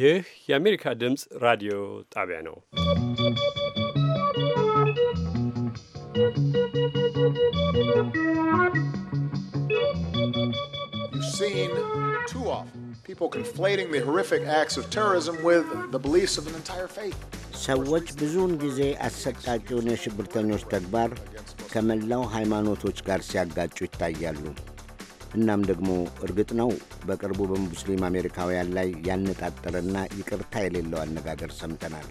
ይህ የአሜሪካ ድምፅ ራዲዮ ጣቢያ ነው። ሰዎች ብዙውን ጊዜ አሰቃቂውን የሽብርተኞች ተግባር ከመላው ሃይማኖቶች ጋር ሲያጋጩ ይታያሉ። እናም ደግሞ እርግጥ ነው በቅርቡ በሙስሊም አሜሪካውያን ላይ ያነጣጠረና ይቅርታ የሌለው አነጋገር ሰምተናል።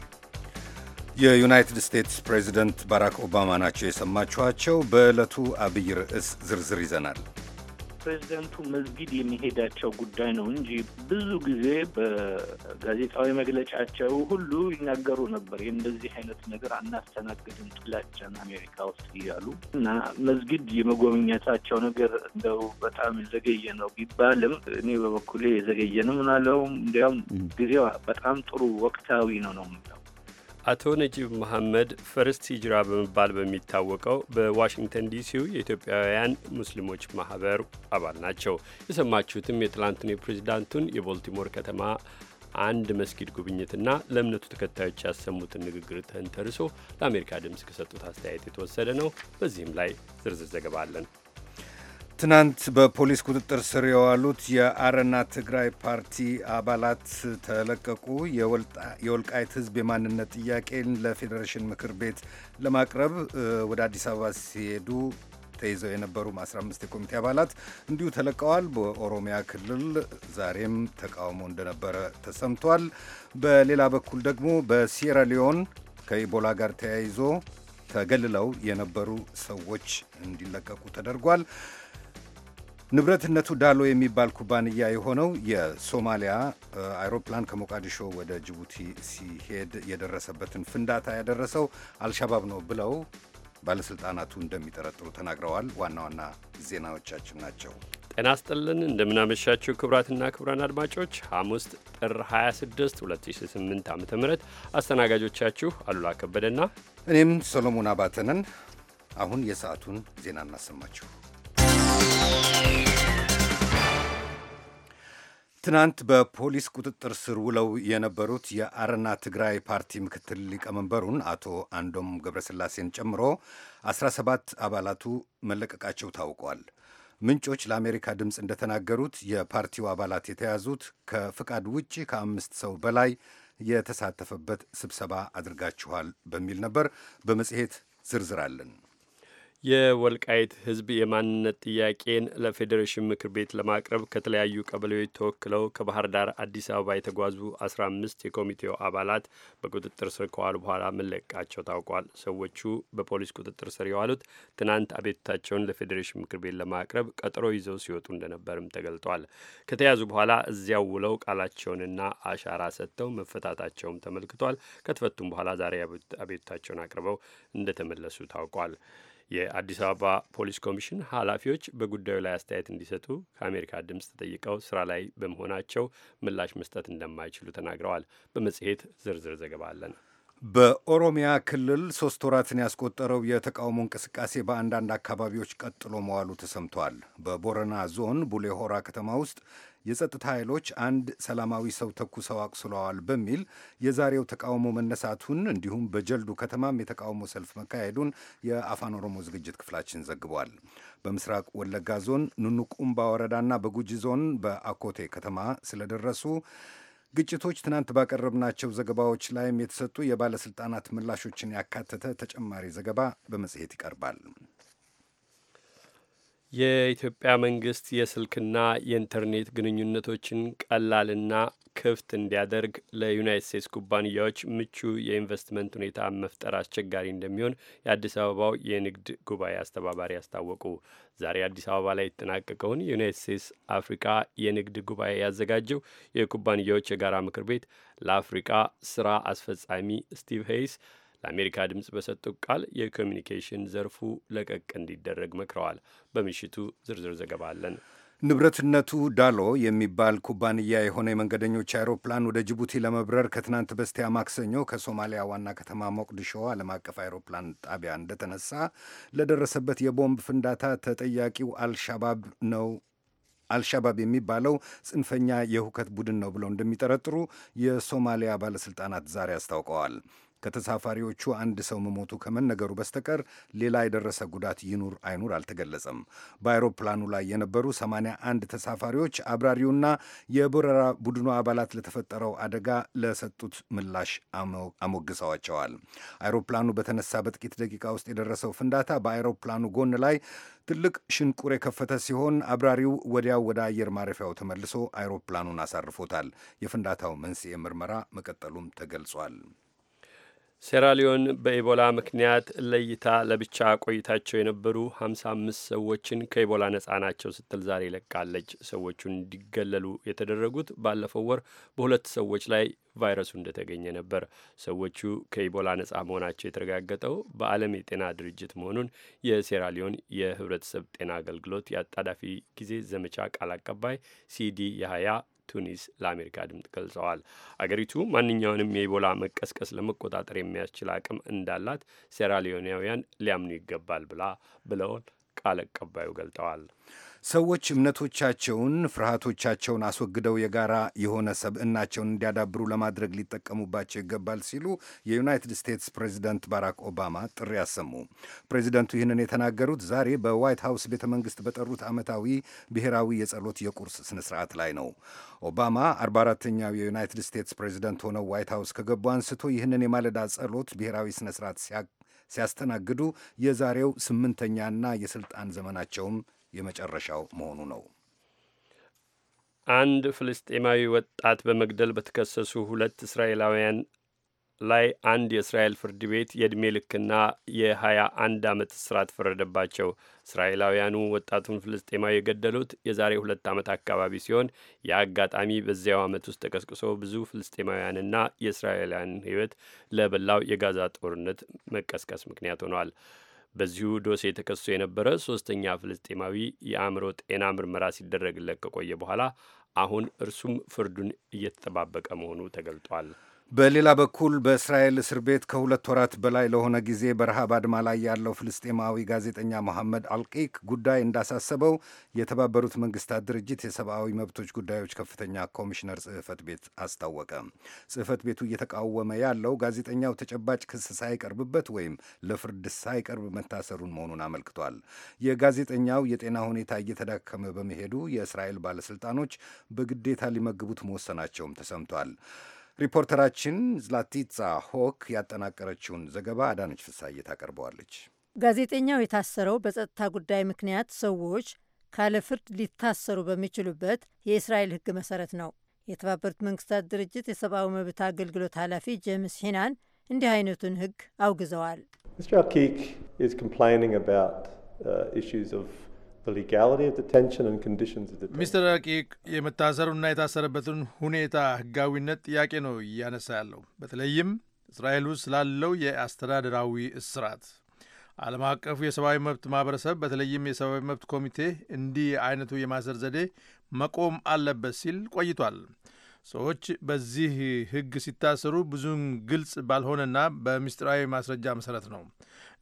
የዩናይትድ ስቴትስ ፕሬዚደንት ባራክ ኦባማ ናቸው የሰማችኋቸው። በዕለቱ አብይ ርዕስ ዝርዝር ይዘናል። ፕሬዚደንቱ መዝጊድ የሚሄዳቸው ጉዳይ ነው እንጂ ብዙ ጊዜ በጋዜጣዊ መግለጫቸው ሁሉ ይናገሩ ነበር። እንደዚህ አይነት ነገር አናስተናግድም ጥላቻን አሜሪካ ውስጥ እያሉ እና መዝጊድ የመጎብኘታቸው ነገር እንደው በጣም የዘገየ ነው ቢባልም እኔ በበኩሌ የዘገየ ነው ምናለው እንዲያውም ጊዜው በጣም ጥሩ ወቅታዊ ነው ነው የምለው አቶ ነጂብ መሐመድ ፈርስት ሂጅራ በመባል በሚታወቀው በዋሽንግተን ዲሲው የኢትዮጵያውያን ሙስሊሞች ማህበር አባል ናቸው። የሰማችሁትም የትላንቱን የፕሬዚዳንቱን የቦልቲሞር ከተማ አንድ መስጊድ ጉብኝትና ለእምነቱ ተከታዮች ያሰሙትን ንግግር ተንተርሶ ለአሜሪካ ድምፅ ከሰጡት አስተያየት የተወሰደ ነው። በዚህም ላይ ዝርዝር ዘገባ አለን። ትናንት በፖሊስ ቁጥጥር ስር የዋሉት የአረና ትግራይ ፓርቲ አባላት ተለቀቁ። የወልቃይት ሕዝብ የማንነት ጥያቄን ለፌዴሬሽን ምክር ቤት ለማቅረብ ወደ አዲስ አበባ ሲሄዱ ተይዘው የነበሩ 15 የኮሚቴ አባላት እንዲሁ ተለቀዋል። በኦሮሚያ ክልል ዛሬም ተቃውሞ እንደነበረ ተሰምቷል። በሌላ በኩል ደግሞ በሲየራ ሊዮን ከኢቦላ ጋር ተያይዞ ተገልለው የነበሩ ሰዎች እንዲለቀቁ ተደርጓል። ንብረትነቱ ዳሎ የሚባል ኩባንያ የሆነው የሶማሊያ አይሮፕላን ከሞቃዲሾ ወደ ጅቡቲ ሲሄድ የደረሰበትን ፍንዳታ ያደረሰው አልሻባብ ነው ብለው ባለሥልጣናቱ እንደሚጠረጥሩ ተናግረዋል። ዋና ዋና ዜናዎቻችን ናቸው። ጤና ስጥልን እንደምናመሻችው ክቡራትና ክቡራን አድማጮች ሐሙስ ጥር 26 2008 ዓ ም አስተናጋጆቻችሁ አሉላ ከበደና እኔም ሰሎሞን አባተነን። አሁን የሰዓቱን ዜና እናሰማችሁ። ትናንት በፖሊስ ቁጥጥር ስር ውለው የነበሩት የአረና ትግራይ ፓርቲ ምክትል ሊቀመንበሩን አቶ አንዶም ገብረስላሴን ጨምሮ 17 አባላቱ መለቀቃቸው ታውቋል። ምንጮች ለአሜሪካ ድምፅ እንደተናገሩት የፓርቲው አባላት የተያዙት ከፍቃድ ውጭ ከአምስት ሰው በላይ የተሳተፈበት ስብሰባ አድርጋችኋል በሚል ነበር። በመጽሔት ዝርዝራለን። የወልቃይት ሕዝብ የማንነት ጥያቄን ለፌዴሬሽን ምክር ቤት ለማቅረብ ከተለያዩ ቀበሌዎች ተወክለው ከባህር ዳር አዲስ አበባ የተጓዙ አስራ አምስት የኮሚቴው አባላት በቁጥጥር ስር ከዋሉ በኋላ መለቀቃቸው ታውቋል። ሰዎቹ በፖሊስ ቁጥጥር ስር የዋሉት ትናንት አቤቱታቸውን ለፌዴሬሽን ምክር ቤት ለማቅረብ ቀጠሮ ይዘው ሲወጡ እንደነበርም ተገልጧል። ከተያዙ በኋላ እዚያው ውለው ቃላቸውንና አሻራ ሰጥተው መፈታታቸውም ተመልክቷል። ከተፈቱም በኋላ ዛሬ አቤቱታቸውን አቅርበው እንደተመለሱ ታውቋል። የአዲስ አበባ ፖሊስ ኮሚሽን ኃላፊዎች በጉዳዩ ላይ አስተያየት እንዲሰጡ ከአሜሪካ ድምፅ ተጠይቀው ስራ ላይ በመሆናቸው ምላሽ መስጠት እንደማይችሉ ተናግረዋል። በመጽሔት ዝርዝር ዘገባ አለን። በኦሮሚያ ክልል ሶስት ወራትን ያስቆጠረው የተቃውሞ እንቅስቃሴ በአንዳንድ አካባቢዎች ቀጥሎ መዋሉ ተሰምቷል። በቦረና ዞን ቡሌሆራ ከተማ ውስጥ የጸጥታ ኃይሎች አንድ ሰላማዊ ሰው ተኩሰው አቁስለዋል በሚል የዛሬው ተቃውሞ መነሳቱን እንዲሁም በጀልዱ ከተማም የተቃውሞ ሰልፍ መካሄዱን የአፋን ኦሮሞ ዝግጅት ክፍላችን ዘግቧል። በምስራቅ ወለጋ ዞን ኑኑቁምባ ወረዳና በጉጂ ዞን በአኮቴ ከተማ ስለደረሱ ግጭቶች ትናንት ባቀረብናቸው ዘገባዎች ላይም የተሰጡ የባለስልጣናት ምላሾችን ያካተተ ተጨማሪ ዘገባ በመጽሔት ይቀርባል። የኢትዮጵያ መንግስት የስልክና የኢንተርኔት ግንኙነቶችን ቀላልና ክፍት እንዲያደርግ ለዩናይት ስቴትስ ኩባንያዎች ምቹ የኢንቨስትመንት ሁኔታ መፍጠር አስቸጋሪ እንደሚሆን የአዲስ አበባው የንግድ ጉባኤ አስተባባሪ አስታወቁ። ዛሬ አዲስ አበባ ላይ የተጠናቀቀውን የዩናይት ስቴትስ አፍሪካ የንግድ ጉባኤ ያዘጋጀው የኩባንያዎች የጋራ ምክር ቤት ለአፍሪካ ስራ አስፈጻሚ ስቲቭ ሄይስ ለአሜሪካ ድምፅ በሰጡት ቃል የኮሚኒኬሽን ዘርፉ ለቀቅ እንዲደረግ መክረዋል። በምሽቱ ዝርዝር ዘገባ አለን። ንብረትነቱ ዳሎ የሚባል ኩባንያ የሆነ የመንገደኞች አይሮፕላን ወደ ጅቡቲ ለመብረር ከትናንት በስቲያ ማክሰኞ ከሶማሊያ ዋና ከተማ ሞቅዲሾ ዓለም አቀፍ አይሮፕላን ጣቢያ እንደተነሳ ለደረሰበት የቦምብ ፍንዳታ ተጠያቂው አልሻባብ ነው አልሻባብ የሚባለው ጽንፈኛ የሁከት ቡድን ነው ብለው እንደሚጠረጥሩ የሶማሊያ ባለሥልጣናት ዛሬ አስታውቀዋል። ከተሳፋሪዎቹ አንድ ሰው መሞቱ ከመነገሩ በስተቀር ሌላ የደረሰ ጉዳት ይኑር አይኑር አልተገለጸም። በአውሮፕላኑ ላይ የነበሩ 81 ተሳፋሪዎች አብራሪውና የበረራ ቡድኑ አባላት ለተፈጠረው አደጋ ለሰጡት ምላሽ አሞግሰዋቸዋል። አውሮፕላኑ በተነሳ በጥቂት ደቂቃ ውስጥ የደረሰው ፍንዳታ በአውሮፕላኑ ጎን ላይ ትልቅ ሽንቁር የከፈተ ሲሆን አብራሪው ወዲያው ወደ አየር ማረፊያው ተመልሶ አውሮፕላኑን አሳርፎታል። የፍንዳታው መንስኤ ምርመራ መቀጠሉም ተገልጿል። ሴራሊዮን በኢቦላ ምክንያት ለይታ ለብቻ ቆይታቸው የነበሩ 55 ሰዎችን ከኢቦላ ነፃ ናቸው ስትል ዛሬ ለቃለች። ሰዎቹን እንዲገለሉ የተደረጉት ባለፈው ወር በሁለት ሰዎች ላይ ቫይረሱ እንደተገኘ ነበር። ሰዎቹ ከኢቦላ ነፃ መሆናቸው የተረጋገጠው በዓለም የጤና ድርጅት መሆኑን የሴራሊዮን የህብረተሰብ ጤና አገልግሎት የአጣዳፊ ጊዜ ዘመቻ ቃል አቀባይ ሲዲ የሀያ ቱኒስ ለአሜሪካ ድምፅ ገልጸዋል። አገሪቱ ማንኛውንም የኢቦላ መቀስቀስ ለመቆጣጠር የሚያስችል አቅም እንዳላት ሴራሊዮናውያን ሊያምኑ ይገባል ብላ ብለውን ቃል አቀባዩ ገልጠዋል። ሰዎች እምነቶቻቸውን፣ ፍርሃቶቻቸውን አስወግደው የጋራ የሆነ ሰብዕናቸውን እንዲያዳብሩ ለማድረግ ሊጠቀሙባቸው ይገባል ሲሉ የዩናይትድ ስቴትስ ፕሬዚደንት ባራክ ኦባማ ጥሪ አሰሙ። ፕሬዚደንቱ ይህንን የተናገሩት ዛሬ በዋይት ሀውስ ቤተ መንግስት በጠሩት ዓመታዊ ብሔራዊ የጸሎት የቁርስ ስነ ስርዓት ላይ ነው። ኦባማ 44ተኛው የዩናይትድ ስቴትስ ፕሬዚደንት ሆነው ዋይት ሀውስ ከገቡ አንስቶ ይህንን የማለዳ ጸሎት ብሔራዊ ስነ ስርዓት ሲያስተናግዱ የዛሬው ስምንተኛና የስልጣን ዘመናቸውም የመጨረሻው መሆኑ ነው። አንድ ፍልስጤማዊ ወጣት በመግደል በተከሰሱ ሁለት እስራኤላውያን ላይ አንድ የእስራኤል ፍርድ ቤት የዕድሜ ልክና የሀያ አንድ ዓመት እስራት ፈረደባቸው። እስራኤላውያኑ ወጣቱን ፍልስጤማዊ የገደሉት የዛሬ ሁለት ዓመት አካባቢ ሲሆን የአጋጣሚ በዚያው ዓመት ውስጥ ተቀስቅሶ ብዙ ፍልስጤማውያንና የእስራኤላውያን ሕይወት ለበላው የጋዛ ጦርነት መቀስቀስ ምክንያት ሆኗል። በዚሁ ዶሴ ተከሶ የነበረ ሶስተኛ ፍልስጤማዊ የአእምሮ ጤና ምርመራ ሲደረግለት ከቆየ በኋላ አሁን እርሱም ፍርዱን እየተጠባበቀ መሆኑ ተገልጧል። በሌላ በኩል በእስራኤል እስር ቤት ከሁለት ወራት በላይ ለሆነ ጊዜ በረሃብ አድማ ላይ ያለው ፍልስጤማዊ ጋዜጠኛ መሐመድ አልቂክ ጉዳይ እንዳሳሰበው የተባበሩት መንግስታት ድርጅት የሰብአዊ መብቶች ጉዳዮች ከፍተኛ ኮሚሽነር ጽህፈት ቤት አስታወቀ። ጽህፈት ቤቱ እየተቃወመ ያለው ጋዜጠኛው ተጨባጭ ክስ ሳይቀርብበት ወይም ለፍርድ ሳይቀርብ መታሰሩን መሆኑን አመልክቷል። የጋዜጠኛው የጤና ሁኔታ እየተዳከመ በመሄዱ የእስራኤል ባለሥልጣኖች በግዴታ ሊመግቡት መወሰናቸውም ተሰምቷል። ሪፖርተራችን ዝላቲጻ ሆክ ያጠናቀረችውን ዘገባ አዳነች ፍሳዬ ታቀርበዋለች። ጋዜጠኛው የታሰረው በጸጥታ ጉዳይ ምክንያት ሰዎች ካለ ፍርድ ሊታሰሩ በሚችሉበት የእስራኤል ሕግ መሰረት ነው። የተባበሩት መንግስታት ድርጅት የሰብአዊ መብት አገልግሎት ኃላፊ ጄምስ ሂናን እንዲህ አይነቱን ሕግ አውግዘዋል። ሚስተር ረቂቅ የመታሰሩና የታሰረበትን ሁኔታ ህጋዊነት ጥያቄ ነው እያነሳ ያለው በተለይም እስራኤል ውስጥ ስላለው የአስተዳደራዊ እስራት ዓለም አቀፉ የሰብአዊ መብት ማህበረሰብ በተለይም የሰብአዊ መብት ኮሚቴ እንዲህ አይነቱ የማሰር ዘዴ መቆም አለበት ሲል ቆይቷል። ሰዎች በዚህ ሕግ ሲታሰሩ ብዙም ግልጽ ባልሆነና በምስጢራዊ ማስረጃ መሠረት ነው።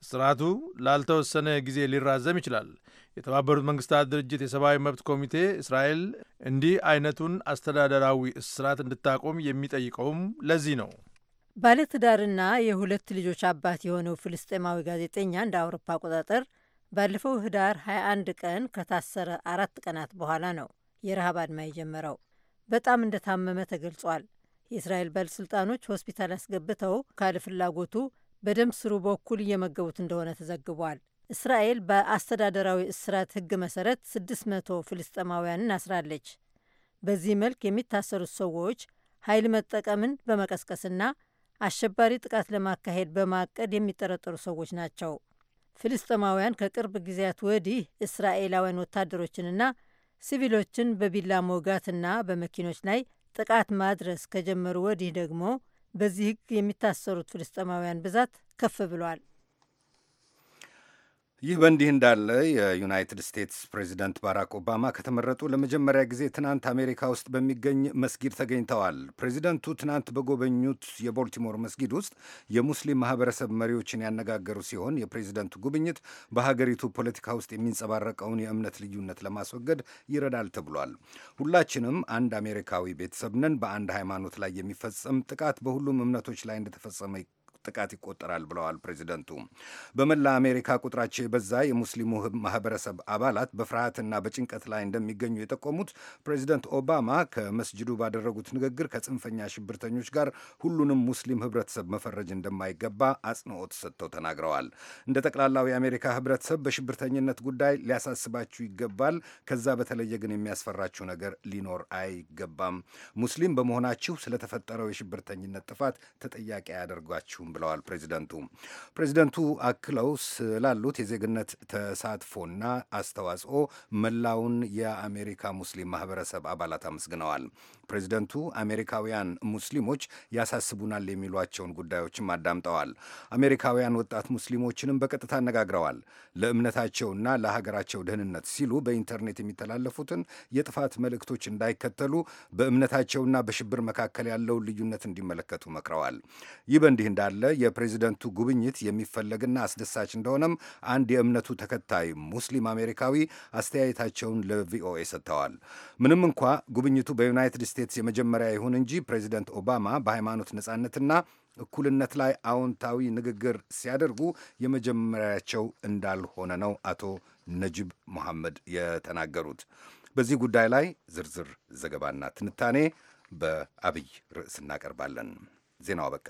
እስራቱ ላልተወሰነ ጊዜ ሊራዘም ይችላል። የተባበሩት መንግስታት ድርጅት የሰብአዊ መብት ኮሚቴ እስራኤል እንዲህ አይነቱን አስተዳደራዊ እስራት እንድታቆም የሚጠይቀውም ለዚህ ነው። ባለትዳርና የሁለት ልጆች አባት የሆነው ፍልስጤማዊ ጋዜጠኛ እንደ አውሮፓ አቆጣጠር ባለፈው ህዳር 21 ቀን ከታሰረ አራት ቀናት በኋላ ነው የረሃብ አድማ የጀመረው። በጣም እንደታመመ ተገልጿል። የእስራኤል ባለሥልጣኖች ሆስፒታል አስገብተው ካለ ፍላጎቱ በደም ስሩ በኩል እየመገቡት እንደሆነ ተዘግቧል። እስራኤል በአስተዳደራዊ እስራት ሕግ መሰረት 600 ፍልስጤማውያንን አስራለች። በዚህ መልክ የሚታሰሩት ሰዎች ኃይል መጠቀምን በመቀስቀስና አሸባሪ ጥቃት ለማካሄድ በማቀድ የሚጠረጠሩ ሰዎች ናቸው። ፍልስጤማውያን ከቅርብ ጊዜያት ወዲህ እስራኤላውያን ወታደሮችንና ሲቪሎችን በቢላ መውጋትና በመኪኖች ላይ ጥቃት ማድረስ ከጀመሩ ወዲህ ደግሞ በዚህ ሕግ የሚታሰሩት ፍልስጤማውያን ብዛት ከፍ ብሏል። ይህ በእንዲህ እንዳለ የዩናይትድ ስቴትስ ፕሬዚደንት ባራክ ኦባማ ከተመረጡ ለመጀመሪያ ጊዜ ትናንት አሜሪካ ውስጥ በሚገኝ መስጊድ ተገኝተዋል። ፕሬዚደንቱ ትናንት በጎበኙት የቦልቲሞር መስጊድ ውስጥ የሙስሊም ማህበረሰብ መሪዎችን ያነጋገሩ ሲሆን የፕሬዚደንቱ ጉብኝት በሀገሪቱ ፖለቲካ ውስጥ የሚንጸባረቀውን የእምነት ልዩነት ለማስወገድ ይረዳል ተብሏል። ሁላችንም አንድ አሜሪካዊ ቤተሰብ ነን። በአንድ ሃይማኖት ላይ የሚፈጸም ጥቃት በሁሉም እምነቶች ላይ እንደተፈጸመ ጥቃት ይቆጠራል ብለዋል ፕሬዚደንቱ። በመላ አሜሪካ ቁጥራቸው የበዛ የሙስሊሙ ማህበረሰብ አባላት በፍርሃትና በጭንቀት ላይ እንደሚገኙ የጠቆሙት ፕሬዚደንት ኦባማ ከመስጅዱ ባደረጉት ንግግር ከጽንፈኛ ሽብርተኞች ጋር ሁሉንም ሙስሊም ህብረተሰብ መፈረጅ እንደማይገባ አጽንኦት ሰጥተው ተናግረዋል። እንደ ጠቅላላው የአሜሪካ ህብረተሰብ በሽብርተኝነት ጉዳይ ሊያሳስባችሁ ይገባል። ከዛ በተለየ ግን የሚያስፈራችሁ ነገር ሊኖር አይገባም። ሙስሊም በመሆናችሁ ስለተፈጠረው የሽብርተኝነት ጥፋት ተጠያቂ አያደርጓችሁም ብለዋል ፕሬዚደንቱ። ፕሬዚደንቱ አክለው ስላሉት የዜግነት ተሳትፎና አስተዋጽኦ መላውን የአሜሪካ ሙስሊም ማህበረሰብ አባላት አመስግነዋል። ፕሬዚደንቱ አሜሪካውያን ሙስሊሞች ያሳስቡናል የሚሏቸውን ጉዳዮችም አዳምጠዋል። አሜሪካውያን ወጣት ሙስሊሞችንም በቀጥታ አነጋግረዋል። ለእምነታቸውና ለሀገራቸው ደህንነት ሲሉ በኢንተርኔት የሚተላለፉትን የጥፋት መልእክቶች እንዳይከተሉ በእምነታቸውና በሽብር መካከል ያለውን ልዩነት እንዲመለከቱ መክረዋል። ይህ በእንዲህ እንዳለ የፕሬዚደንቱ ጉብኝት የሚፈለግና አስደሳች እንደሆነም አንድ የእምነቱ ተከታይ ሙስሊም አሜሪካዊ አስተያየታቸውን ለቪኦኤ ሰጥተዋል። ምንም እንኳ ጉብኝቱ በዩናይትድ ስቴትስ ስቴትስ የመጀመሪያ ይሁን እንጂ ፕሬዚደንት ኦባማ በሃይማኖት ነጻነትና እኩልነት ላይ አዎንታዊ ንግግር ሲያደርጉ የመጀመሪያቸው እንዳልሆነ ነው አቶ ነጅብ መሐመድ የተናገሩት። በዚህ ጉዳይ ላይ ዝርዝር ዘገባና ትንታኔ በአብይ ርዕስ እናቀርባለን። ዜናው አበቃ።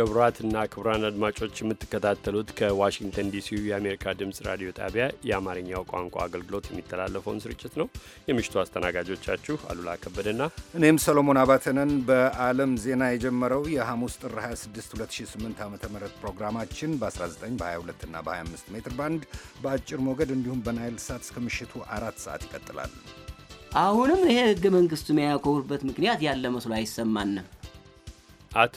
ክቡራትና ክቡራን አድማጮች የምትከታተሉት ከዋሽንግተን ዲሲ የአሜሪካ ድምፅ ራዲዮ ጣቢያ የአማርኛው ቋንቋ አገልግሎት የሚተላለፈውን ስርጭት ነው። የምሽቱ አስተናጋጆቻችሁ አሉላ ከበደና እኔም ሰሎሞን አባተነን። በዓለም ዜና የጀመረው የሐሙስ ጥር 26 2008 ዓ ም ፕሮግራማችን በ19 22 በ25 ሜትር ባንድ በአጭር ሞገድ እንዲሁም በናይል ሳት እስከ ምሽቱ አራት ሰዓት ይቀጥላል። አሁንም ይሄ ህገ መንግስቱ የሚያኮርበት ምክንያት ያለ መስሎ አይሰማንም። አቶ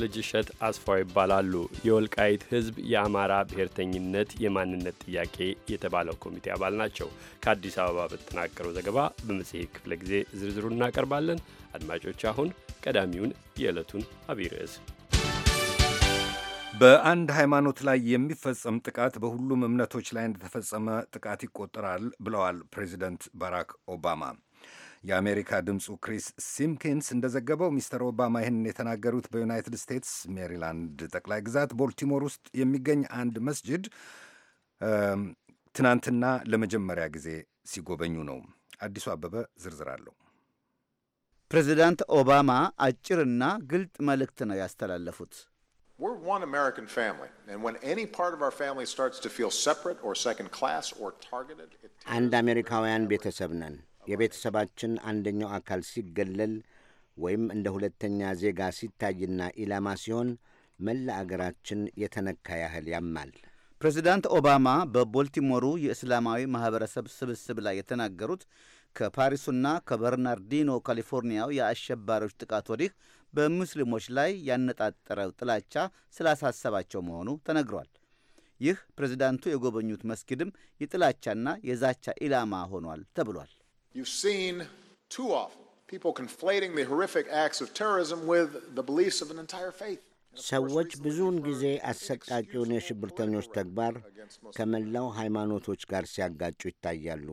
ልጅሸት አስፋው ይባላሉ። የወልቃይት ሕዝብ የአማራ ብሔርተኝነት የማንነት ጥያቄ የተባለው ኮሚቴ አባል ናቸው። ከአዲስ አበባ በተጠናቀረው ዘገባ በመጽሔት ክፍለ ጊዜ ዝርዝሩን እናቀርባለን። አድማጮች፣ አሁን ቀዳሚውን የዕለቱን አብይ ርዕስ በአንድ ሃይማኖት ላይ የሚፈጸም ጥቃት በሁሉም እምነቶች ላይ እንደተፈጸመ ጥቃት ይቆጠራል ብለዋል ፕሬዚደንት ባራክ ኦባማ። የአሜሪካ ድምፁ ክሪስ ሲምኪንስ እንደዘገበው ሚስተር ኦባማ ይህንን የተናገሩት በዩናይትድ ስቴትስ ሜሪላንድ ጠቅላይ ግዛት ቦልቲሞር ውስጥ የሚገኝ አንድ መስጅድ ትናንትና ለመጀመሪያ ጊዜ ሲጎበኙ ነው። አዲሱ አበበ ዝርዝር አለው። ፕሬዚዳንት ኦባማ አጭርና ግልጥ መልእክት ነው ያስተላለፉት። አንድ አሜሪካውያን ቤተሰብ ነን። የቤተሰባችን አንደኛው አካል ሲገለል ወይም እንደ ሁለተኛ ዜጋ ሲታይና ኢላማ ሲሆን መላ አገራችን የተነካ ያህል ያማል። ፕሬዚዳንት ኦባማ በቦልቲሞሩ የእስላማዊ ማኅበረሰብ ስብስብ ላይ የተናገሩት ከፓሪሱና ከበርናርዲኖ ካሊፎርኒያው የአሸባሪዎች ጥቃት ወዲህ በሙስሊሞች ላይ ያነጣጠረው ጥላቻ ስላሳሰባቸው መሆኑ ተነግሯል። ይህ ፕሬዚዳንቱ የጎበኙት መስጊድም የጥላቻና የዛቻ ኢላማ ሆኗል ተብሏል። You've seen too often people conflating the horrific acts of terrorism with the beliefs of an entire faith. ሰዎች ብዙውን ጊዜ አሰቃቂውን የሽብርተኞች ተግባር ከመላው ሃይማኖቶች ጋር ሲያጋጩ ይታያሉ።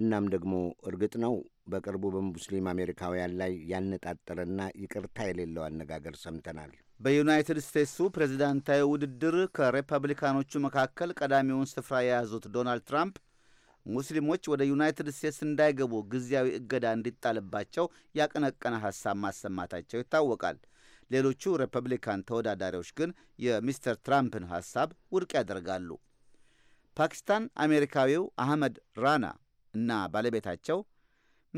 እናም ደግሞ እርግጥ ነው በቅርቡ በሙስሊም አሜሪካውያን ላይ ያነጣጠረና ይቅርታ የሌለው አነጋገር ሰምተናል። በዩናይትድ ስቴትሱ ፕሬዚዳንታዊ ውድድር ከሪፐብሊካኖቹ መካከል ቀዳሚውን ስፍራ የያዙት ዶናልድ ትራምፕ ሙስሊሞች ወደ ዩናይትድ ስቴትስ እንዳይገቡ ጊዜያዊ እገዳ እንዲጣልባቸው ያቀነቀነ ሐሳብ ማሰማታቸው ይታወቃል። ሌሎቹ ሪፐብሊካን ተወዳዳሪዎች ግን የሚስተር ትራምፕን ሐሳብ ውድቅ ያደርጋሉ። ፓኪስታን አሜሪካዊው አህመድ ራና እና ባለቤታቸው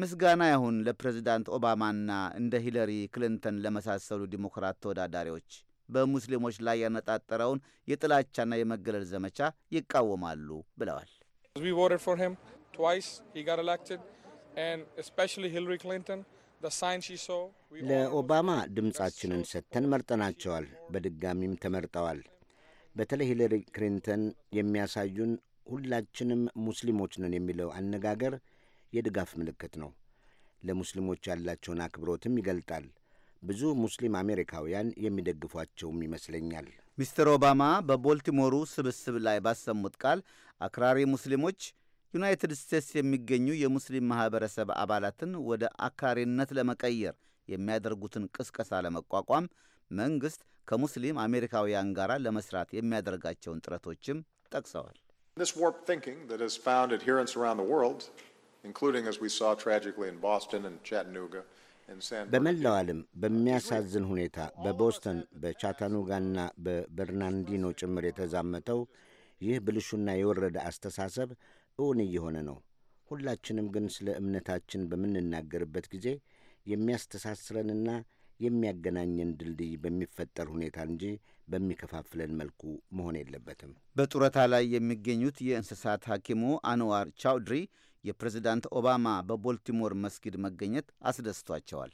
ምስጋና ይሁን ለፕሬዚዳንት ኦባማና እንደ ሂለሪ ክሊንተን ለመሳሰሉ ዲሞክራት ተወዳዳሪዎች በሙስሊሞች ላይ ያነጣጠረውን የጥላቻና የመገለል ዘመቻ ይቃወማሉ ብለዋል። We voted for him twice. He got elected. And especially Hillary Clinton. ለኦባማ ድምፃችንን ሰጥተን መርጠናቸዋል። በድጋሚም ተመርጠዋል። በተለይ ሂለሪ ክሊንተን የሚያሳዩን ሁላችንም ሙስሊሞች ነን የሚለው አነጋገር የድጋፍ ምልክት ነው። ለሙስሊሞች ያላቸውን አክብሮትም ይገልጣል። ብዙ ሙስሊም አሜሪካውያን የሚደግፏቸውም ይመስለኛል። ሚስተር ኦባማ በቦልቲሞሩ ስብስብ ላይ ባሰሙት ቃል አክራሪ ሙስሊሞች ዩናይትድ ስቴትስ የሚገኙ የሙስሊም ማኅበረሰብ አባላትን ወደ አክራሪነት ለመቀየር የሚያደርጉትን ቅስቀሳ ለመቋቋም መንግሥት ከሙስሊም አሜሪካውያን ጋር ለመስራት የሚያደርጋቸውን ጥረቶችም ጠቅሰዋል። በመላው ዓለም በሚያሳዝን ሁኔታ በቦስተን በቻታኑጋና በበርናንዲኖ ጭምር የተዛመተው ይህ ብልሹና የወረደ አስተሳሰብ እውን እየሆነ ነው። ሁላችንም ግን ስለ እምነታችን በምንናገርበት ጊዜ የሚያስተሳስረንና የሚያገናኘን ድልድይ በሚፈጠር ሁኔታ እንጂ በሚከፋፍለን መልኩ መሆን የለበትም። በጡረታ ላይ የሚገኙት የእንስሳት ሐኪሙ አንዋር ቻውድሪ የፕሬዝዳንት ኦባማ በቦልቲሞር መስጊድ መገኘት አስደስቷቸዋል።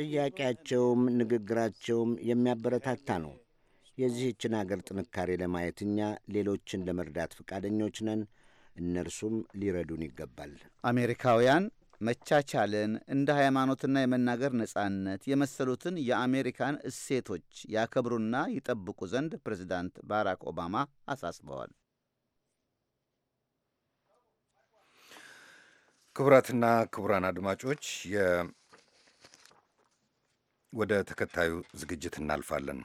ጥያቄያቸውም ንግግራቸውም የሚያበረታታ ነው። የዚህችን አገር ጥንካሬ ለማየት እኛ ሌሎችን ለመርዳት ፈቃደኞች ነን። እነርሱም ሊረዱን ይገባል። አሜሪካውያን መቻቻልን፣ እንደ ሃይማኖትና የመናገር ነጻነት የመሰሉትን የአሜሪካን እሴቶች ያከብሩና ይጠብቁ ዘንድ ፕሬዚዳንት ባራክ ኦባማ አሳስበዋል። ክቡራትና ክቡራን አድማጮች ወደ ተከታዩ ዝግጅት እናልፋለን።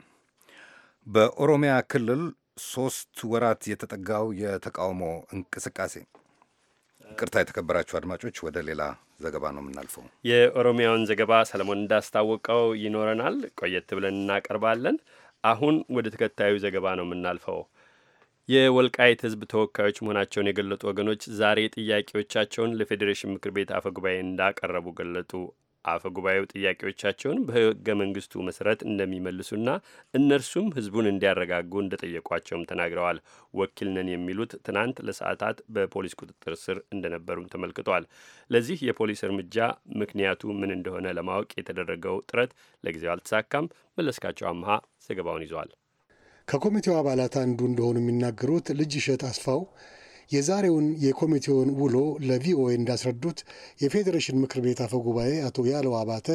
በኦሮሚያ ክልል ሶስት ወራት የተጠጋው የተቃውሞ እንቅስቃሴ ይቅርታ የተከበራችሁ አድማጮች፣ ወደ ሌላ ዘገባ ነው የምናልፈው። የኦሮሚያውን ዘገባ ሰለሞን እንዳስታወቀው ይኖረናል፣ ቆየት ብለን እናቀርባለን። አሁን ወደ ተከታዩ ዘገባ ነው የምናልፈው። የወልቃይት ሕዝብ ተወካዮች መሆናቸውን የገለጡ ወገኖች ዛሬ ጥያቄዎቻቸውን ለፌዴሬሽን ምክር ቤት አፈጉባኤ እንዳቀረቡ ገለጡ። አፈ ጉባኤው ጥያቄዎቻቸውን በህገ መንግስቱ መሰረት እንደሚመልሱና እነርሱም ህዝቡን እንዲያረጋጉ እንደጠየቋቸውም ተናግረዋል። ወኪል ነን የሚሉት ትናንት ለሰዓታት በፖሊስ ቁጥጥር ስር እንደነበሩም ተመልክቷል። ለዚህ የፖሊስ እርምጃ ምክንያቱ ምን እንደሆነ ለማወቅ የተደረገው ጥረት ለጊዜው አልተሳካም። መለስካቸው አምሃ ዘገባውን ይዟል። ከኮሚቴው አባላት አንዱ እንደሆኑ የሚናገሩት ልጅ እሸት አስፋው የዛሬውን የኮሚቴውን ውሎ ለቪኦኤ እንዳስረዱት የፌዴሬሽን ምክር ቤት አፈ ጉባኤ አቶ ያለው አባተ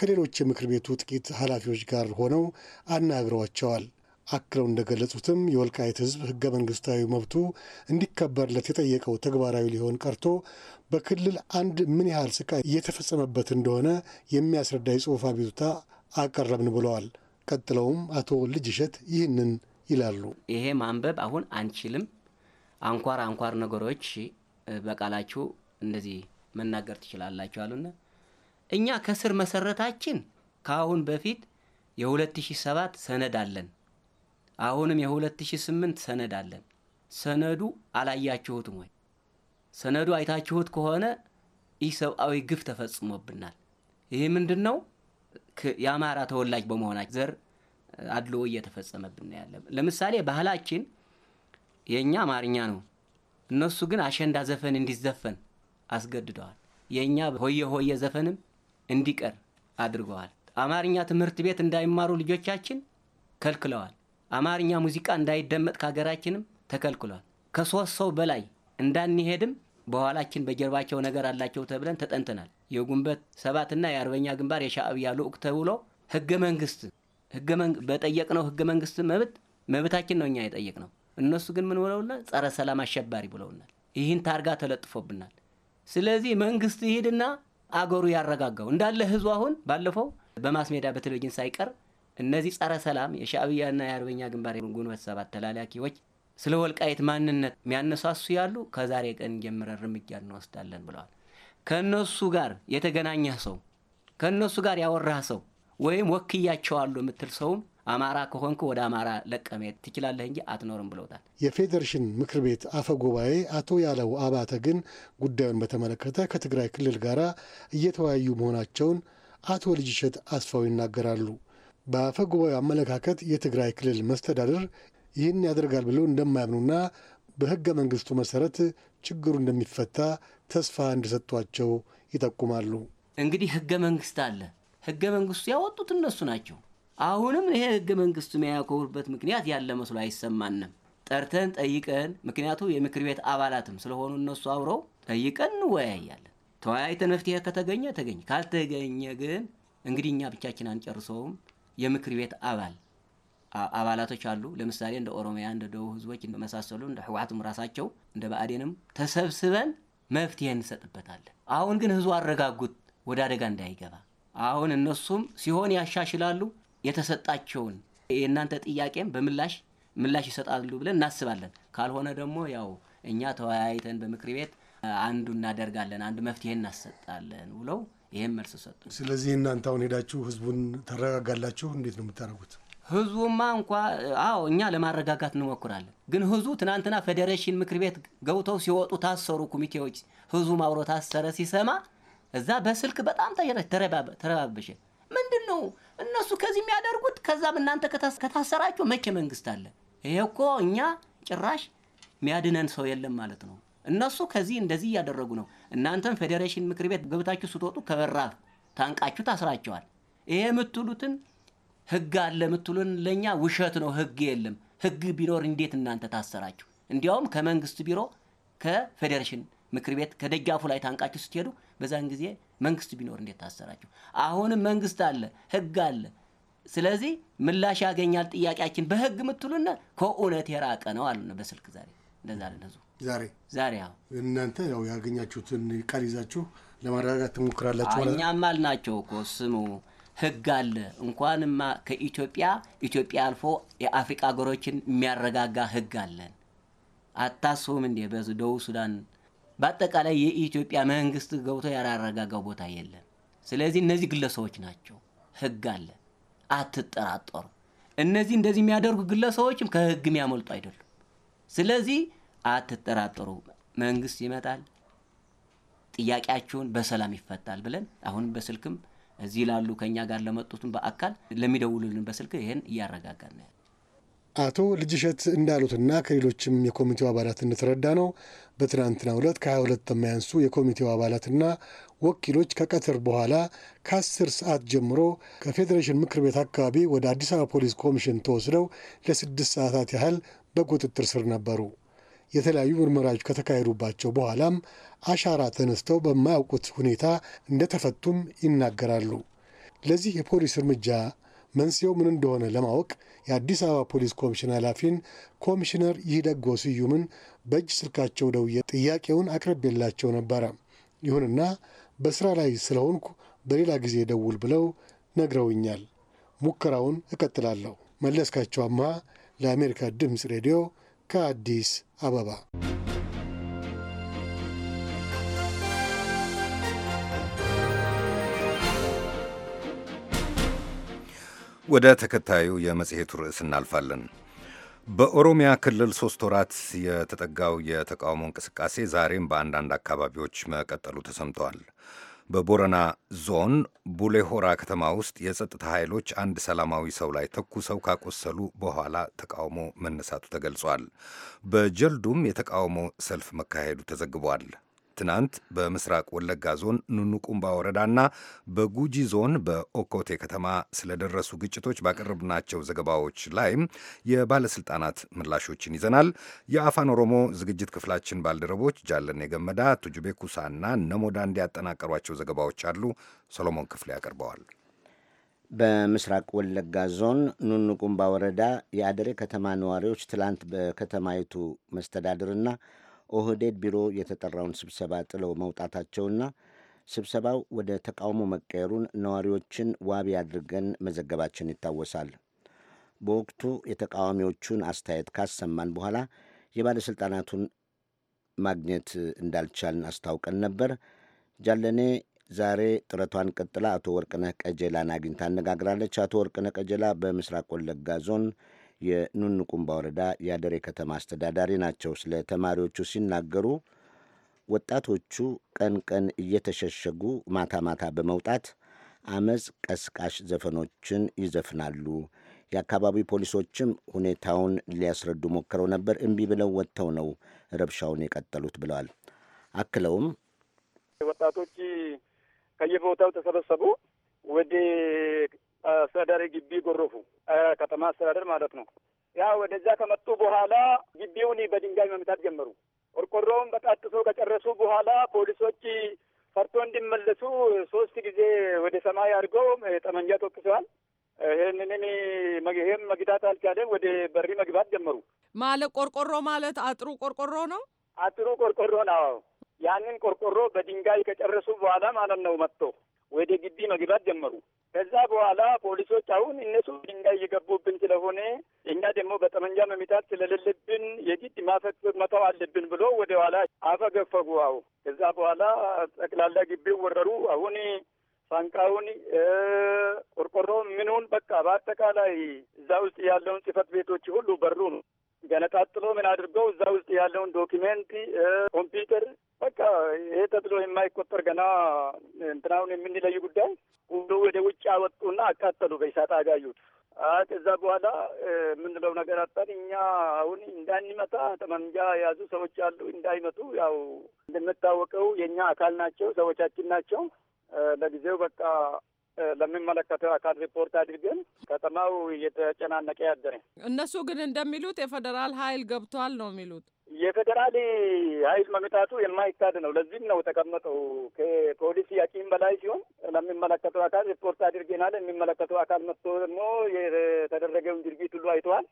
ከሌሎች የምክር ቤቱ ጥቂት ኃላፊዎች ጋር ሆነው አናግረዋቸዋል። አክለው እንደገለጹትም የወልቃይት ሕዝብ ህገ መንግስታዊ መብቱ እንዲከበርለት የጠየቀው ተግባራዊ ሊሆን ቀርቶ በክልል አንድ ምን ያህል ስቃይ እየተፈጸመበት እንደሆነ የሚያስረዳ የጽሑፍ አቤቱታ አቀረብን ብለዋል። ቀጥለውም አቶ ልጅሸት ይህንን ይላሉ። ይሄ ማንበብ አሁን አንችልም አንኳር አንኳር ነገሮች በቃላችሁ እንደዚህ መናገር ትችላላችሁ አሉና እኛ ከስር መሰረታችን ከአሁን በፊት የ2007 ሰነድ አለን። አሁንም የ2008 ሰነድ አለን። ሰነዱ አላያችሁትም ወይ? ሰነዱ አይታችሁት ከሆነ ይህ ሰብአዊ ግፍ ተፈጽሞብናል። ይህ ምንድን ነው? የአማራ ተወላጅ በመሆናችን ዘር አድልዎ እየተፈጸመብን ያለ። ለምሳሌ ባህላችን የእኛ አማርኛ ነው። እነሱ ግን አሸንዳ ዘፈን እንዲዘፈን አስገድደዋል። የእኛ ሆየ ሆየ ዘፈንም እንዲቀር አድርገዋል። አማርኛ ትምህርት ቤት እንዳይማሩ ልጆቻችን ከልክለዋል። አማርኛ ሙዚቃ እንዳይደመጥ ከሀገራችንም ተከልክሏል። ከሶስት ሰው በላይ እንዳንሄድም በኋላችን በጀርባቸው ነገር አላቸው ተብለን ተጠንተናል። የጉንበት ሰባትና የአርበኛ ግንባር የሻዕብያ ልዑክ ተብሎ ህገ መንግስት በጠየቅነው ህገ መንግስት መብት መብታችን ነው እኛ የጠየቅነው። እነሱ ግን ምን ብለውናል? ጸረ ሰላም አሸባሪ ብለውናል። ይህን ታርጋ ተለጥፎብናል። ስለዚህ መንግስት ይሄድና አገሩ ያረጋጋው እንዳለ ህዝቡ አሁን ባለፈው በማስሜዳ በቴሌቪዥን ሳይቀር እነዚህ ጸረ ሰላም የሻዕቢያና የአርበኛ ግንባር ጉንበት ሰባት ተላላኪዎች ስለ ወልቃይት ማንነት የሚያነሳሱ ያሉ ከዛሬ ቀን ጀምረ እርምጃ እንወስዳለን ብለዋል። ከእነሱ ጋር የተገናኘህ ሰው ከእነሱ ጋር ያወራህ ሰው ወይም ወክያቸዋሉ የምትል ሰውም አማራ ከሆንክ ወደ አማራ ለቀመሄድ ትችላለህ እንጂ አትኖርም ብለውታል። የፌዴሬሽን ምክር ቤት አፈ ጉባኤ አቶ ያለው አባተ ግን ጉዳዩን በተመለከተ ከትግራይ ክልል ጋር እየተወያዩ መሆናቸውን አቶ ልጅሸት አስፋው ይናገራሉ። በአፈ ጉባኤው አመለካከት የትግራይ ክልል መስተዳድር ይህን ያደርጋል ብለው እንደማያምኑና በህገ መንግስቱ መሰረት ችግሩ እንደሚፈታ ተስፋ እንደሰጧቸው ይጠቁማሉ። እንግዲህ ህገ መንግስት አለ። ህገ መንግስቱ ያወጡት እነሱ ናቸው። አሁንም ይሄ ህገ መንግስቱ የሚያኮሩበት ምክንያት ያለ መስሎ አይሰማንም። ጠርተን ጠይቀን፣ ምክንያቱ የምክር ቤት አባላትም ስለሆኑ እነሱ አብረው ጠይቀን እንወያያለን። ተወያይተን መፍትሄ ከተገኘ ተገኘ፣ ካልተገኘ ግን እንግዲህ እኛ ብቻችን አንጨርሰውም። የምክር ቤት አባል አባላቶች አሉ። ለምሳሌ እንደ ኦሮሚያ፣ እንደ ደቡብ ህዝቦች እንደመሳሰሉ እንደ ህወሓትም ራሳቸው እንደ ብአዴንም ተሰብስበን መፍትሄ እንሰጥበታለን። አሁን ግን ህዝቡ አረጋጉት፣ ወደ አደጋ እንዳይገባ። አሁን እነሱም ሲሆን ያሻሽላሉ የተሰጣቸውን የእናንተ ጥያቄም በምላሽ ምላሽ ይሰጣሉ ብለን እናስባለን። ካልሆነ ደግሞ ያው እኛ ተወያይተን በምክር ቤት አንዱ እናደርጋለን፣ አንዱ መፍትሄ እናሰጣለን ብለው ይህም መልስ ሰጡ። ስለዚህ እናንተ አሁን ሄዳችሁ ህዝቡን ተረጋጋላችሁ? እንዴት ነው የምታደርጉት? ህዝቡማ እንኳ አዎ፣ እኛ ለማረጋጋት እንሞክራለን። ግን ህዝቡ ትናንትና ፌዴሬሽን ምክር ቤት ገብተው ሲወጡ ታሰሩ ኮሚቴዎች፣ ህዝቡ ማውሮ ታሰረ ሲሰማ እዛ በስልክ በጣም ተረባበሸ። ምንድን ነው እነሱ ከዚህ የሚያደርጉት ከዛም እናንተ ከታሰራችሁ መቼ መንግስት አለ? ይሄ እኮ እኛ ጭራሽ የሚያድነን ሰው የለም ማለት ነው። እነሱ ከዚህ እንደዚህ እያደረጉ ነው። እናንተም ፌዴሬሽን ምክር ቤት ገብታችሁ ስትወጡ ከበራ ታንቃችሁ ታስራቸዋል። ይሄ የምትሉትን ህግ አለ የምትሉን ለእኛ ውሸት ነው። ህግ የለም። ህግ ቢኖር እንዴት እናንተ ታሰራችሁ? እንዲያውም ከመንግስት ቢሮ ከፌዴሬሽን ምክር ቤት ከደጃፉ ላይ ታንቃችሁ ስትሄዱ በዛን ጊዜ መንግስት ቢኖር እንዴት ታሰራችሁ? አሁንም መንግስት አለ፣ ህግ አለ። ስለዚህ ምላሽ ያገኛል ጥያቄያችን በህግ የምትሉና ከእውነት የራቀ ነው አሉ በስልክ ዛሬ እንደዛ አለ ዛሬ ዛሬ ያው እናንተ ያው ያገኛችሁትን ቃል ይዛችሁ ለማረጋጋት ትሞክራላችሁ። እኛም አልናቸው እኮ ስሙ ህግ አለ። እንኳንማ ከኢትዮጵያ ኢትዮጵያ አልፎ የአፍሪቃ ሀገሮችን የሚያረጋጋ ህግ አለን። አታስቡም እንዴ በደቡብ ሱዳን በአጠቃላይ የኢትዮጵያ መንግስት ገብቶ ያላረጋጋው ቦታ የለም። ስለዚህ እነዚህ ግለሰቦች ናቸው። ህግ አለ፣ አትጠራጠሩ። እነዚህ እንደዚህ የሚያደርጉ ግለሰቦችም ከህግ የሚያመልጡ አይደሉም። ስለዚህ አትጠራጠሩ። መንግስት ይመጣል፣ ጥያቄያቸውን በሰላም ይፈታል ብለን አሁንም በስልክም እዚህ ላሉ ከእኛ ጋር ለመጡትም በአካል ለሚደውሉልን በስልክ ይህን እያረጋጋ ነው። አቶ ልጅሸት እንዳሉትና ከሌሎችም የኮሚቴው አባላት እንደተረዳ ነው በትናንትናው ዕለት ከ22 የማያንሱ የኮሚቴው አባላትና ወኪሎች ከቀትር በኋላ ከ10 ሰዓት ጀምሮ ከፌዴሬሽን ምክር ቤት አካባቢ ወደ አዲስ አበባ ፖሊስ ኮሚሽን ተወስደው ለስድስት ሰዓታት ያህል በቁጥጥር ስር ነበሩ። የተለያዩ ምርመራዎች ከተካሄዱባቸው በኋላም አሻራ ተነስተው በማያውቁት ሁኔታ እንደተፈቱም ይናገራሉ። ለዚህ የፖሊስ እርምጃ መንስኤው ምን እንደሆነ ለማወቅ የአዲስ አበባ ፖሊስ ኮሚሽን ኃላፊን ኮሚሽነር ይህደጎ ስዩምን በእጅ ስልካቸው ደውዬ ጥያቄውን አቅርቤላቸው ነበረ። ይሁንና በስራ ላይ ስለሆንኩ በሌላ ጊዜ ደውል ብለው ነግረውኛል። ሙከራውን እቀጥላለሁ። መለስካቸው አምሃ ለአሜሪካ ድምፅ ሬዲዮ ከአዲስ አበባ ወደ ተከታዩ የመጽሔቱ ርዕስ እናልፋለን። በኦሮሚያ ክልል ሶስት ወራት የተጠጋው የተቃውሞ እንቅስቃሴ ዛሬም በአንዳንድ አካባቢዎች መቀጠሉ ተሰምተዋል። በቦረና ዞን ቡሌሆራ ከተማ ውስጥ የጸጥታ ኃይሎች አንድ ሰላማዊ ሰው ላይ ተኩሰው ካቆሰሉ በኋላ ተቃውሞ መነሳቱ ተገልጿል። በጀልዱም የተቃውሞ ሰልፍ መካሄዱ ተዘግቧል። ትናንት በምስራቅ ወለጋ ዞን ኑኑቁምባ ወረዳና በጉጂ ዞን በኦኮቴ ከተማ ስለደረሱ ግጭቶች ባቀረብናቸው ዘገባዎች ላይም የባለስልጣናት ምላሾችን ይዘናል። የአፋን ኦሮሞ ዝግጅት ክፍላችን ባልደረቦች ጃለኔ ገመዳ፣ ቱጁቤ ኩሳና ነሞዳ እንዲያጠናቀሯቸው ዘገባዎች አሉ። ሰሎሞን ክፍሌ ያቀርበዋል። በምስራቅ ወለጋ ዞን ኑኑቁምባ ወረዳ የአደሬ ከተማ ነዋሪዎች ትላንት በከተማይቱ መስተዳድርና ኦህዴድ ቢሮ የተጠራውን ስብሰባ ጥለው መውጣታቸውና ስብሰባው ወደ ተቃውሞ መቀየሩን ነዋሪዎችን ዋቢ አድርገን መዘገባችን ይታወሳል። በወቅቱ የተቃዋሚዎቹን አስተያየት ካሰማን በኋላ የባለሥልጣናቱን ማግኘት እንዳልቻልን አስታውቀን ነበር። ጃለኔ ዛሬ ጥረቷን ቀጥላ አቶ ወርቅነህ ቀጀላን አግኝታ አነጋግራለች። አቶ ወርቅነህ ቀጀላ በምስራቅ ወለጋ ዞን የኑንቁምባ ወረዳ የአደሬ ከተማ አስተዳዳሪ ናቸው። ስለ ተማሪዎቹ ሲናገሩ ወጣቶቹ ቀን ቀን እየተሸሸጉ ማታ ማታ በመውጣት አመፅ ቀስቃሽ ዘፈኖችን ይዘፍናሉ። የአካባቢ ፖሊሶችም ሁኔታውን ሊያስረዱ ሞክረው ነበር። እምቢ ብለው ወጥተው ነው ረብሻውን የቀጠሉት ብለዋል። አክለውም ወጣቶች ከየቦታው ተሰበሰቡ። ወደ አስተዳዳሪ ግቢ ጎረፉ፣ ከተማ አስተዳደር ማለት ነው። ያ ወደዛ ከመጡ በኋላ ግቢውን በድንጋይ መምታት ጀመሩ። ቆርቆሮውን በጣጥሶ ከጨረሱ በኋላ ፖሊሶች ፈርቶ እንዲመለሱ ሶስት ጊዜ ወደ ሰማይ አድርገው ጠመንጃ ተኩሰዋል። ይህንን ይህም መግታት አልቻለም። ወደ በሪ መግባት ጀመሩ። ማለት ቆርቆሮ ማለት አጥሩ ቆርቆሮ ነው። አጥሩ ቆርቆሮ ነው። ያንን ቆርቆሮ በድንጋይ ከጨረሱ በኋላ ማለት ነው መጥቶ ወደ ግቢ መግባት ጀመሩ። ከዛ በኋላ ፖሊሶች አሁን እነሱ ድንጋይ እየገቡብን ስለሆነ እኛ ደግሞ በጠመንጃ መሚታት ስለሌለብን የግድ ማፈት መተው አለብን ብሎ ወደ ኋላ አፈገፈጉ። አሁ ከዛ በኋላ ጠቅላላ ግቢው ወረሩ። አሁን ፋንካውን፣ ቆርቆሮ ምንውን በቃ በአጠቃላይ እዛ ውስጥ ያለውን ጽህፈት ቤቶች ሁሉ በሩ ነው ገነጣጥሎ ምን አድርገው እዛ ውስጥ ያለውን ዶኪሜንት፣ ኮምፒውተር በቃ ይሄ ተብሎ የማይቆጠር ገና እንትናሁን የምንለዩ ጉዳይ ሁሉ ወደ ውጭ አወጡና አቃጠሉ። በይሳት አጋዩት። ከዛ በኋላ የምንለው ነገር አጣን። እኛ አሁን እንዳንመጣ ጠመንጃ የያዙ ሰዎች አሉ። እንዳይመጡ ያው እንደምታወቀው የእኛ አካል ናቸው፣ ሰዎቻችን ናቸው። ለጊዜው በቃ ለሚመለከተው አካል ሪፖርት አድርገን ከተማው እየተጨናነቀ ያደረ። እነሱ ግን እንደሚሉት የፌዴራል ኃይል ገብቷል ነው የሚሉት። የፌዴራል ኃይል መምጣቱ የማይካድ ነው። ለዚህም ነው ተቀመጠው ከፖሊስ አቅም በላይ ሲሆን ለሚመለከተው አካል ሪፖርት አድርገናል። የሚመለከተው አካል መጥቶ ደግሞ የተደረገውን ድርጊት ሁሉ አይተዋል።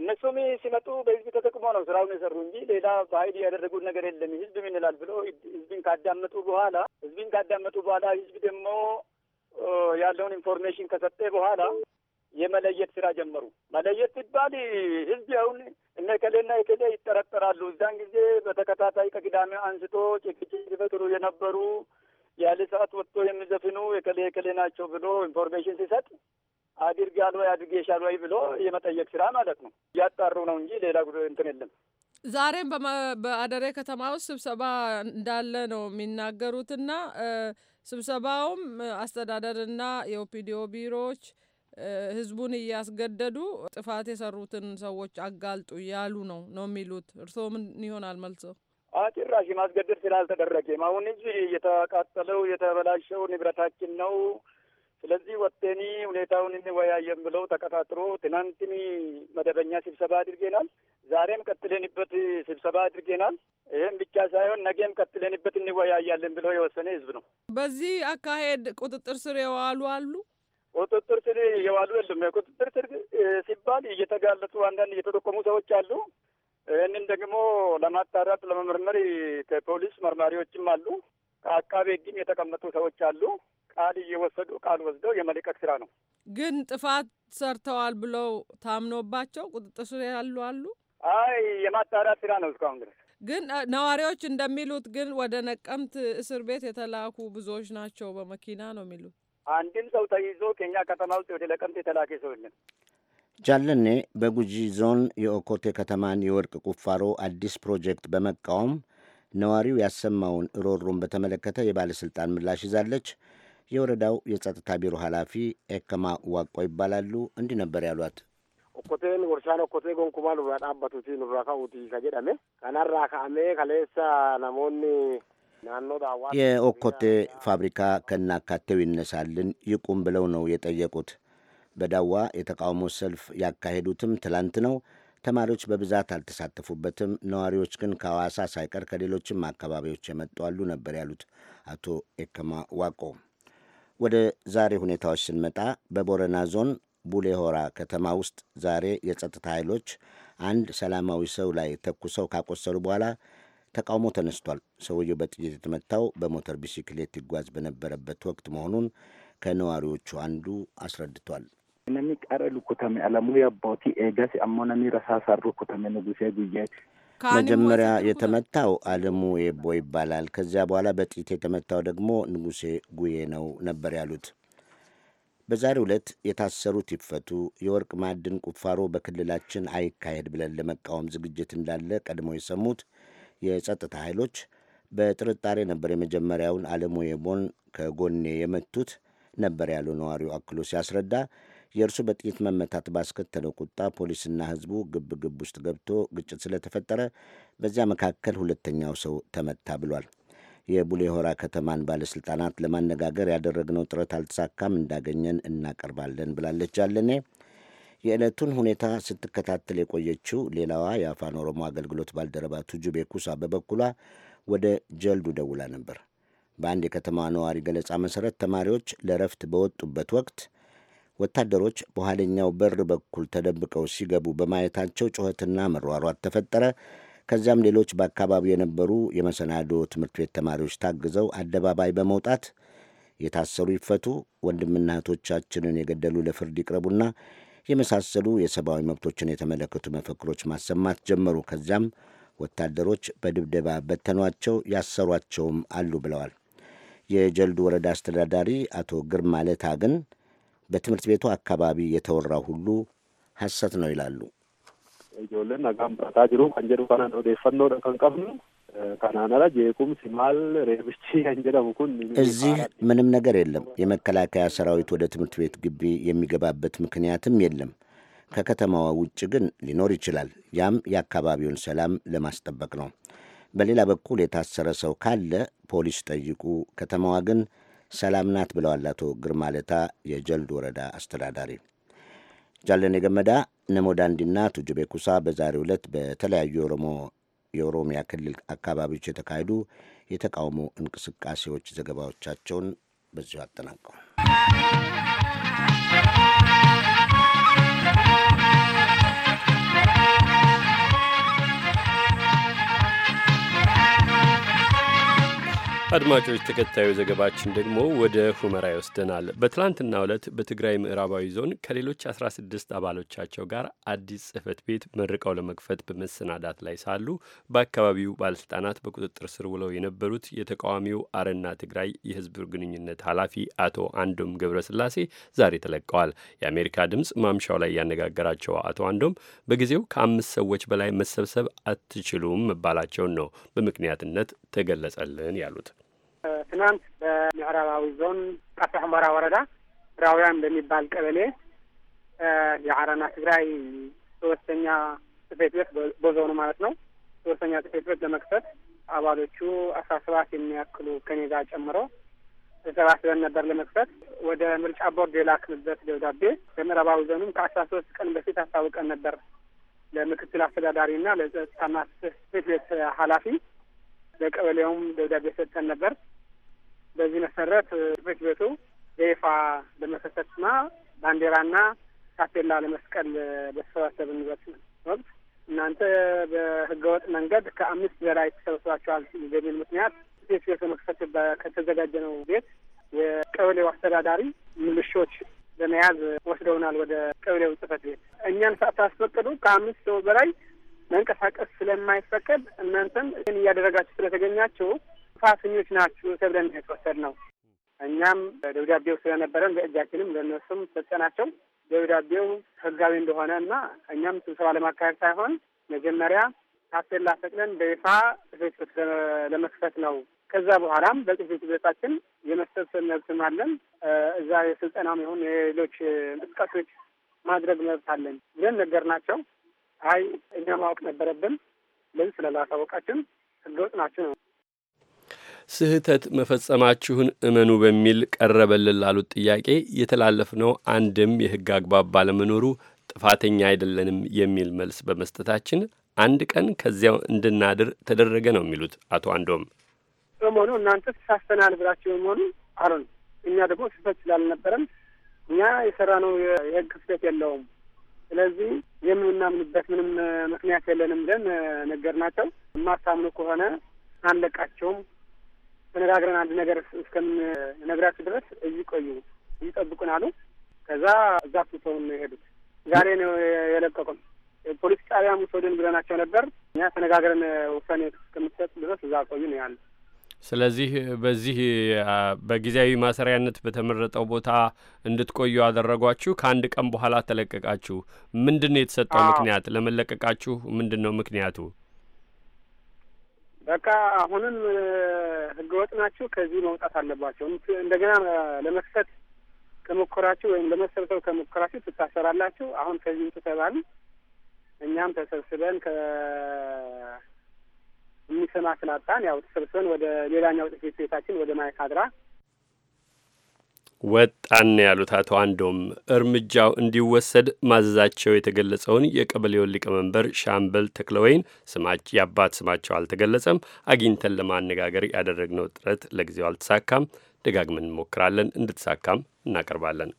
እነሱም ሲመጡ በህዝብ ተጠቅሞ ነው ስራውን የሰሩ እንጂ ሌላ በኃይል ያደረጉት ነገር የለም። ህዝብ ምን ይላል ብሎ ህዝብን ካዳመጡ በኋላ ህዝብን ካዳመጡ በኋላ ህዝብ ደግሞ ያለውን ኢንፎርሜሽን ከሰጠ በኋላ የመለየት ስራ ጀመሩ። መለየት ሲባል ህዝብ አሁን እነ ከሌና የከሌ ይጠረጠራሉ። እዛን ጊዜ በተከታታይ ከቅዳሜ አንስቶ ጭቅጭቅ ሲፈጥሩ የነበሩ ያለ ሰዓት ወጥቶ የሚዘፍኑ የከሌ የከሌ ናቸው ብሎ ኢንፎርሜሽን ሲሰጥ አድርጋል ወይ አድርጌሻል ወይ ብሎ የመጠየቅ ስራ ማለት ነው። እያጣሩ ነው እንጂ ሌላ እንትን የለም። ዛሬም በአደሬ ከተማ ውስጥ ስብሰባ እንዳለ ነው የሚናገሩትና ስብሰባውም አስተዳደርና የኦፒዲዮ ቢሮዎች ህዝቡን እያስገደዱ ጥፋት የሰሩትን ሰዎች አጋልጡ እያሉ ነው ነው የሚሉት። እርስዎ ምን ይሆናል መልሰው? ጭራሽ ማስገደድ ስላልተደረገም አሁን እንጂ የተቃጠለው የተበላሸው ንብረታችን ነው ስለዚህ ወጤኒ ሁኔታውን እንወያየን ብለው ተቀጣጥሮ ትናንትኒ መደበኛ ስብሰባ አድርጌናል። ዛሬም ቀጥለንበት ስብሰባ አድርጌናል። ይህም ብቻ ሳይሆን ነገም ቀጥለንበት እንወያያለን ብለው የወሰነ ህዝብ ነው። በዚህ አካሄድ ቁጥጥር ስር የዋሉ አሉ። ቁጥጥር ስር የዋሉ የለም። ቁጥጥር ስር ሲባል እየተጋለጡ አንዳንድ እየተጠቆሙ ሰዎች አሉ። ይህንን ደግሞ ለማጣራት ለመመርመር ከፖሊስ መርማሪዎችም አሉ ከአቃቤ ሕግም የተቀመጡ ሰዎች አሉ። ቃል እየወሰዱ ቃል ወስደው የመልቀቅ ስራ ነው። ግን ጥፋት ሰርተዋል ብለው ታምኖባቸው ቁጥጥር ስር ያሉ አሉ። አይ የማጣራት ስራ ነው እስካሁን ድረስ። ግን ነዋሪዎች እንደሚሉት ግን ወደ ነቀምት እስር ቤት የተላኩ ብዙዎች ናቸው። በመኪና ነው የሚሉት። አንድም ሰው ተይዞ ከኛ ከተማ ውስጥ ወደ ነቀምት የተላከ ሰው የለም። ጃለኔ በጉጂ ዞን የኦኮቴ ከተማን የወርቅ ቁፋሮ አዲስ ፕሮጀክት በመቃወም ነዋሪው ያሰማውን ሮሮን በተመለከተ የባለሥልጣን ምላሽ ይዛለች። የወረዳው የጸጥታ ቢሮ ኃላፊ ኤከማ ዋቆ ይባላሉ። እንዲህ ነበር ያሏት። ኮቴን ወርሳን ኮቴ ጎንኩማ ኑራ ዳባቱቲ ኑራ ካውቲ ከጀዳሜ ከናራ ከአሜ ከሌሳ ናሞኒ የኦኮቴ ፋብሪካ ከናካቴው ይነሳልን ይቁም ብለው ነው የጠየቁት። በዳዋ የተቃውሞ ሰልፍ ያካሄዱትም ትላንት ነው። ተማሪዎች በብዛት አልተሳተፉበትም። ነዋሪዎች ግን ከሐዋሳ ሳይቀር ከሌሎችም አካባቢዎች የመጡ አሉ ነበር ያሉት አቶ ኤከማ ዋቆ። ወደ ዛሬ ሁኔታዎች ስንመጣ በቦረና ዞን ቡሌሆራ ከተማ ውስጥ ዛሬ የጸጥታ ኃይሎች አንድ ሰላማዊ ሰው ላይ ተኩሰው ካቆሰሉ በኋላ ተቃውሞ ተነስቷል። ሰውየው በጥይት የተመታው በሞተር ቢሲክሌት ይጓዝ በነበረበት ወቅት መሆኑን ከነዋሪዎቹ አንዱ አስረድቷል። Namni qara lukutame አለሙ ያባውቲ ኤገስ አሞ ነሚ ረሳሳር ሩኩተሜ ንጉሴ ጉዬ መጀመሪያ የተመታው አለሙ የቦ ይባላል። ከዚያ በኋላ በጥይት የተመታው ደግሞ ንጉሴ ጉዬ ነው ነበር ያሉት። በዛሬው ዕለት የታሰሩት ይፈቱ፣ የወርቅ ማዕድን ቁፋሮ በክልላችን አይካሄድ ብለን ለመቃወም ዝግጅት እንዳለ ቀድሞ የሰሙት የጸጥታ ኃይሎች በጥርጣሬ ነበር የመጀመሪያውን አለሙ የቦን ከጎኔ የመቱት ነበር ያሉ ነዋሪው አክሎ ሲያስረዳ የእርሱ በጥይት መመታት ባስከተለው ቁጣ ፖሊስና ሕዝቡ ግብ ግብ ውስጥ ገብቶ ግጭት ስለተፈጠረ በዚያ መካከል ሁለተኛው ሰው ተመታ ብሏል። የቡሌሆራ ከተማን ባለሥልጣናት ለማነጋገር ያደረግነው ጥረት አልተሳካም። እንዳገኘን እናቀርባለን ብላለች። አለኔ የዕለቱን ሁኔታ ስትከታተል የቆየችው ሌላዋ የአፋን ኦሮሞ አገልግሎት ባልደረባ ቱጁቤ ኩሳ በበኩሏ ወደ ጀልዱ ደውላ ነበር። በአንድ የከተማዋ ነዋሪ ገለጻ መሠረት ተማሪዎች ለረፍት በወጡበት ወቅት ወታደሮች በኋለኛው በር በኩል ተደብቀው ሲገቡ በማየታቸው ጩኸትና መሯሯት ተፈጠረ። ከዚያም ሌሎች በአካባቢው የነበሩ የመሰናዶ ትምህርት ቤት ተማሪዎች ታግዘው አደባባይ በመውጣት የታሰሩ ይፈቱ፣ ወንድምና እህቶቻችንን የገደሉ ለፍርድ ይቅረቡና የመሳሰሉ የሰብአዊ መብቶችን የተመለከቱ መፈክሮች ማሰማት ጀመሩ። ከዚያም ወታደሮች በድብደባ በተኗቸው፣ ያሰሯቸውም አሉ ብለዋል። የጀልዱ ወረዳ አስተዳዳሪ አቶ ግርማ ለታ ግን በትምህርት ቤቱ አካባቢ የተወራ ሁሉ ሐሰት ነው ይላሉ። ጆለን nagaan barataa jiru kan jedhu kanaan odeeffannoodha kan qabnu kanaan ala jeequmsi maal እዚህ ምንም ነገር የለም። የመከላከያ ሰራዊት ወደ ትምህርት ቤት ግቢ የሚገባበት ምክንያትም የለም። ከከተማዋ ውጭ ግን ሊኖር ይችላል። ያም የአካባቢውን ሰላም ለማስጠበቅ ነው። በሌላ በኩል የታሰረ ሰው ካለ ፖሊስ ጠይቁ፣ ከተማዋ ግን ሰላም ናት ብለዋል አቶ ግርማ ለታ የጀልድ ወረዳ አስተዳዳሪ። ጃለን የገመዳ ነሞዳንዲና ቱጁቤ ኩሳ በዛሬው ዕለት በተለያዩ የኦሮሚያ ክልል አካባቢዎች የተካሄዱ የተቃውሞ እንቅስቃሴዎች ዘገባዎቻቸውን በዚሁ አጠናቀዋል። አድማጮች ተከታዩ ዘገባችን ደግሞ ወደ ሁመራ ይወስደናል። በትላንትና ዕለት በትግራይ ምዕራባዊ ዞን ከሌሎች 16 አባሎቻቸው ጋር አዲስ ጽህፈት ቤት መርቀው ለመክፈት በመሰናዳት ላይ ሳሉ በአካባቢው ባለስልጣናት በቁጥጥር ስር ውለው የነበሩት የተቃዋሚው አረና ትግራይ የህዝብ ግንኙነት ኃላፊ አቶ አንዶም ገብረስላሴ ዛሬ ተለቀዋል። የአሜሪካ ድምፅ ማምሻው ላይ ያነጋገራቸው አቶ አንዶም በጊዜው ከአምስት ሰዎች በላይ መሰብሰብ አትችሉም መባላቸውን ነው በምክንያትነት ተገለጸልን ያሉት። ትናንት በምዕራባዊ ዞን ቃፍታ ወረዳ ራውያን በሚባል ቀበሌ የአረና ትግራይ ሶስተኛ ጽፌት ቤት በዞኑ ማለት ነው ሶስተኛ ጽፌት ቤት ለመክፈት አባሎቹ አስራ ሰባት የሚያክሉ ከኔ ጋር ጨምሮ ተሰባስበን ነበር ለመክፈት። ወደ ምርጫ ቦርድ የላክንበት ደብዳቤ በምዕራባዊ ዞኑም ከአስራ ሶስት ቀን በፊት አስታውቀን ነበር ለምክትል አስተዳዳሪና ለጸጥታና ጽሕፈት ቤት ኃላፊ ለቀበሌውም ደብዳቤ ሰጥተን ነበር። በዚህ መሰረት ጽሕፈት ቤቱ በይፋ ለመከሰትና ባንዲራና ካፔላ ለመስቀል በተሰባሰብንበት ወቅት እናንተ በህገወጥ መንገድ ከአምስት በላይ ተሰብስባችኋል በሚል ምክንያት ጽሕፈት ቤቱ መክፈት ከተዘጋጀ ነው ቤት የቀበሌው አስተዳዳሪ ምልሾች በመያዝ ወስደውናል ወደ ቀበሌው ጽሕፈት ቤት። እኛን ሳታስፈቅዱ ከአምስት ሰው በላይ መንቀሳቀስ ስለማይፈቀድ እናንተም ይህን እያደረጋችሁ ስለተገኛችሁ ጥፋተኞች ናችሁ ተብለን ነው። እኛም ደብዳቤው ስለነበረን በእጃችንም ለእነሱም ሰጠናቸው። ደብዳቤው ህጋዊ እንደሆነ እና እኛም ስብሰባ ለማካሄድ ሳይሆን መጀመሪያ ታፔላ ፈቅደን በይፋ ጽሕፈት ቤት ለመክፈት ነው። ከዛ በኋላም በጽሕፈት ቤታችን የመሰብሰብ መብትም አለን። እዛ የስልጠናም ይሁን የሌሎች እንቅስቃሴዎች ማድረግ መብት አለን ብለን ነገር ናቸው። አይ እኛ ማወቅ ነበረብን ለዚህ ስለላሳወቃችን ህገወጥ ናችሁ ነው ስህተት መፈጸማችሁን እመኑ በሚል ቀረበልን ላሉት ጥያቄ የተላለፍነው አንድም የሕግ አግባብ ባለመኖሩ ጥፋተኛ አይደለንም የሚል መልስ በመስጠታችን አንድ ቀን ከዚያው እንድናድር ተደረገ ነው የሚሉት አቶ አንዶም። በመሆኑ እናንተ ተሳስተናል ብላችሁ በመሆኑ አሉን። እኛ ደግሞ ስህተት ስላልነበረን እኛ የሰራነው የህግ ክፍተት የለውም፣ ስለዚህ የምናምንበት ምንም ምክንያት የለንም ብለን ነገርናቸው። የማታምኑ ከሆነ አንለቃቸውም ተነጋግረን አንድ ነገር እስከምነግራችሁ ድረስ እዚህ ቆዩ፣ ይጠብቁን አሉ። ከዛ እዛ ሰውን የሄዱት ዛሬ ነው የለቀቁን። ፖሊስ ጣቢያ ውሰዱን ብለናቸው ነበር። እኛ ተነጋግረን ውሳኔ እስከምትሰጥ ድረስ እዛ ቆዩ ነው ያሉ። ስለዚህ በዚህ በጊዜያዊ ማሰሪያነት በተመረጠው ቦታ እንድትቆዩ አደረጓችሁ ከአንድ ቀን በኋላ ተለቀቃችሁ። ምንድን ነው የተሰጠው ምክንያት? ለመለቀቃችሁ ምንድን ነው ምክንያቱ? በቃ አሁንም ህገወጥ ናቸው፣ ከዚህ መውጣት አለባቸው። እንደገና ለመክፈት ከሞከራችሁ ወይም ለመሰብሰብ ከሞከራችሁ ትታሰራላችሁ፣ አሁን ከዚህ ውጡ እኛም ተሰብስበን የሚሰማ ስላጣን ያው ተሰብስበን ወደ ሌላኛው ቤት ቤታችን ወደ ማይካድራ ወጣን ያሉት አቶ አንዶም እርምጃው እንዲወሰድ ማዘዛቸው የተገለጸውን የቀበሌውን ሊቀመንበር ሻምበል ተክለወይን የአባት ስማቸው አልተገለጸም አግኝተን ለማነጋገር ያደረግነው ጥረት ለጊዜው አልተሳካም። ደጋግመን እንሞክራለን፣ እንድትሳካም እናቀርባለን።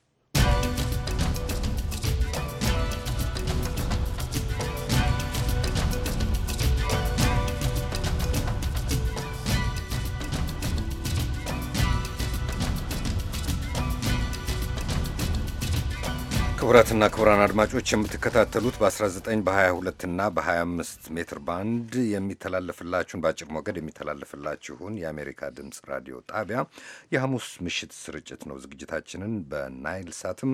ክቡራትና ክቡራን አድማጮች የምትከታተሉት በ19 በ22 እና በ25 ሜትር ባንድ የሚተላለፍላችሁን በአጭር ሞገድ የሚተላለፍላችሁን የአሜሪካ ድምፅ ራዲዮ ጣቢያ የሐሙስ ምሽት ስርጭት ነው። ዝግጅታችንን በናይል ሳትም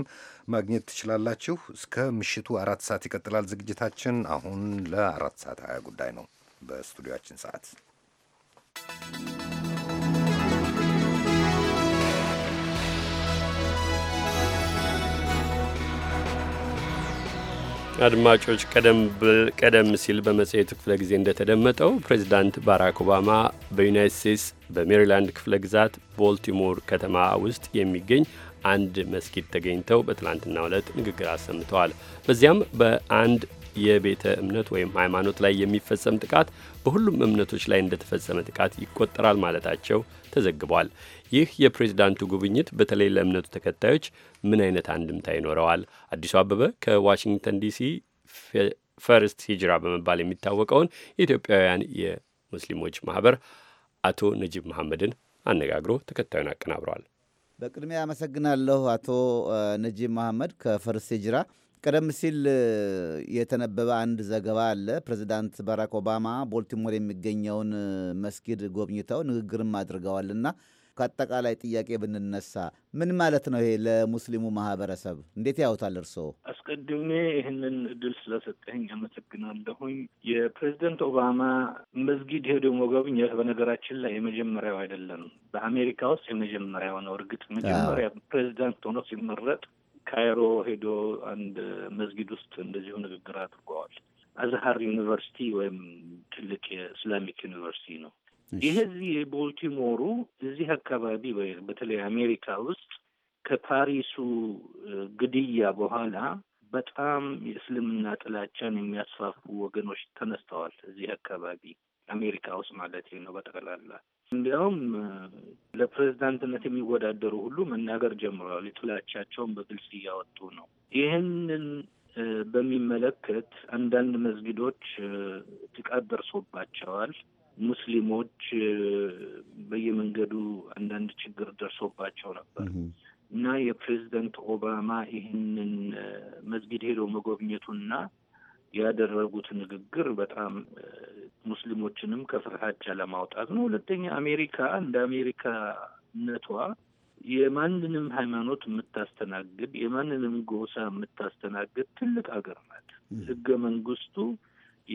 ማግኘት ትችላላችሁ። እስከ ምሽቱ አራት ሰዓት ይቀጥላል ዝግጅታችን። አሁን ለአራት ሰዓት 20 ጉዳይ ነው በስቱዲዮችን ሰዓት አድማጮች ቀደም ሲል በመጽሔቱ ክፍለ ጊዜ እንደተደመጠው ፕሬዚዳንት ባራክ ኦባማ በዩናይት ስቴትስ በሜሪላንድ ክፍለ ግዛት ቦልቲሞር ከተማ ውስጥ የሚገኝ አንድ መስጊድ ተገኝተው በትላንትና ዕለት ንግግር አሰምተዋል። በዚያም በአንድ የቤተ እምነት ወይም ሃይማኖት ላይ የሚፈጸም ጥቃት በሁሉም እምነቶች ላይ እንደተፈጸመ ጥቃት ይቆጠራል ማለታቸው ተዘግቧል። ይህ የፕሬዝዳንቱ ጉብኝት በተለይ ለእምነቱ ተከታዮች ምን አይነት አንድምታ ይኖረዋል? አዲሱ አበበ ከዋሽንግተን ዲሲ ፈርስት ሂጅራ በመባል የሚታወቀውን የኢትዮጵያውያን የሙስሊሞች ማህበር አቶ ነጂብ መሐመድን አነጋግሮ ተከታዩን አቀናብረዋል። በቅድሚያ አመሰግናለሁ አቶ ነጂብ መሐመድ ከፈርስት ሂጅራ ቀደም ሲል የተነበበ አንድ ዘገባ አለ። ፕሬዚዳንት ባራክ ኦባማ ቦልቲሞር የሚገኘውን መስጊድ ጎብኝተው ንግግርም አድርገዋል እና ከአጠቃላይ ጥያቄ ብንነሳ ምን ማለት ነው ይሄ ለሙስሊሙ ማህበረሰብ እንዴት ያውታል? እርስዎ አስቀድሜ ይህንን እድል ስለሰጠኝ አመሰግናለሁኝ። የፕሬዚደንት ኦባማ መስጊድ ሄዶ መጎብኘት በነገራችን ላይ የመጀመሪያው አይደለም፣ በአሜሪካ ውስጥ የመጀመሪያው ነው። እርግጥ መጀመሪያ ፕሬዚዳንት ሆኖ ሲመረጥ ካይሮ ሄዶ አንድ መስጊድ ውስጥ እንደዚሁ ንግግር አድርገዋል። አዝሀር ዩኒቨርሲቲ ወይም ትልቅ የእስላሚክ ዩኒቨርሲቲ ነው። ይህ እዚህ የቦልቲሞሩ እዚህ አካባቢ በተለይ አሜሪካ ውስጥ ከፓሪሱ ግድያ በኋላ በጣም የእስልምና ጥላቻን የሚያስፋፉ ወገኖች ተነስተዋል። እዚህ አካባቢ አሜሪካ ውስጥ ማለት ነው በጠቅላላ እንዲያውም ለፕሬዝዳንትነት የሚወዳደሩ ሁሉ መናገር ጀምረዋል። የጥላቻቸውን በግልጽ እያወጡ ነው። ይህንን በሚመለከት አንዳንድ መስጊዶች ጥቃት ደርሶባቸዋል። ሙስሊሞች በየመንገዱ አንዳንድ ችግር ደርሶባቸው ነበር እና የፕሬዝደንት ኦባማ ይህንን መስጊድ ሄዶ መጎብኘቱና ያደረጉት ንግግር በጣም ሙስሊሞችንም ከፍርሃቻ ለማውጣት ነው። ሁለተኛ አሜሪካ እንደ አሜሪካነቷ የማንንም ሃይማኖት የምታስተናግድ የማንንም ጎሳ የምታስተናግድ ትልቅ ሀገር ናት። ህገ መንግስቱ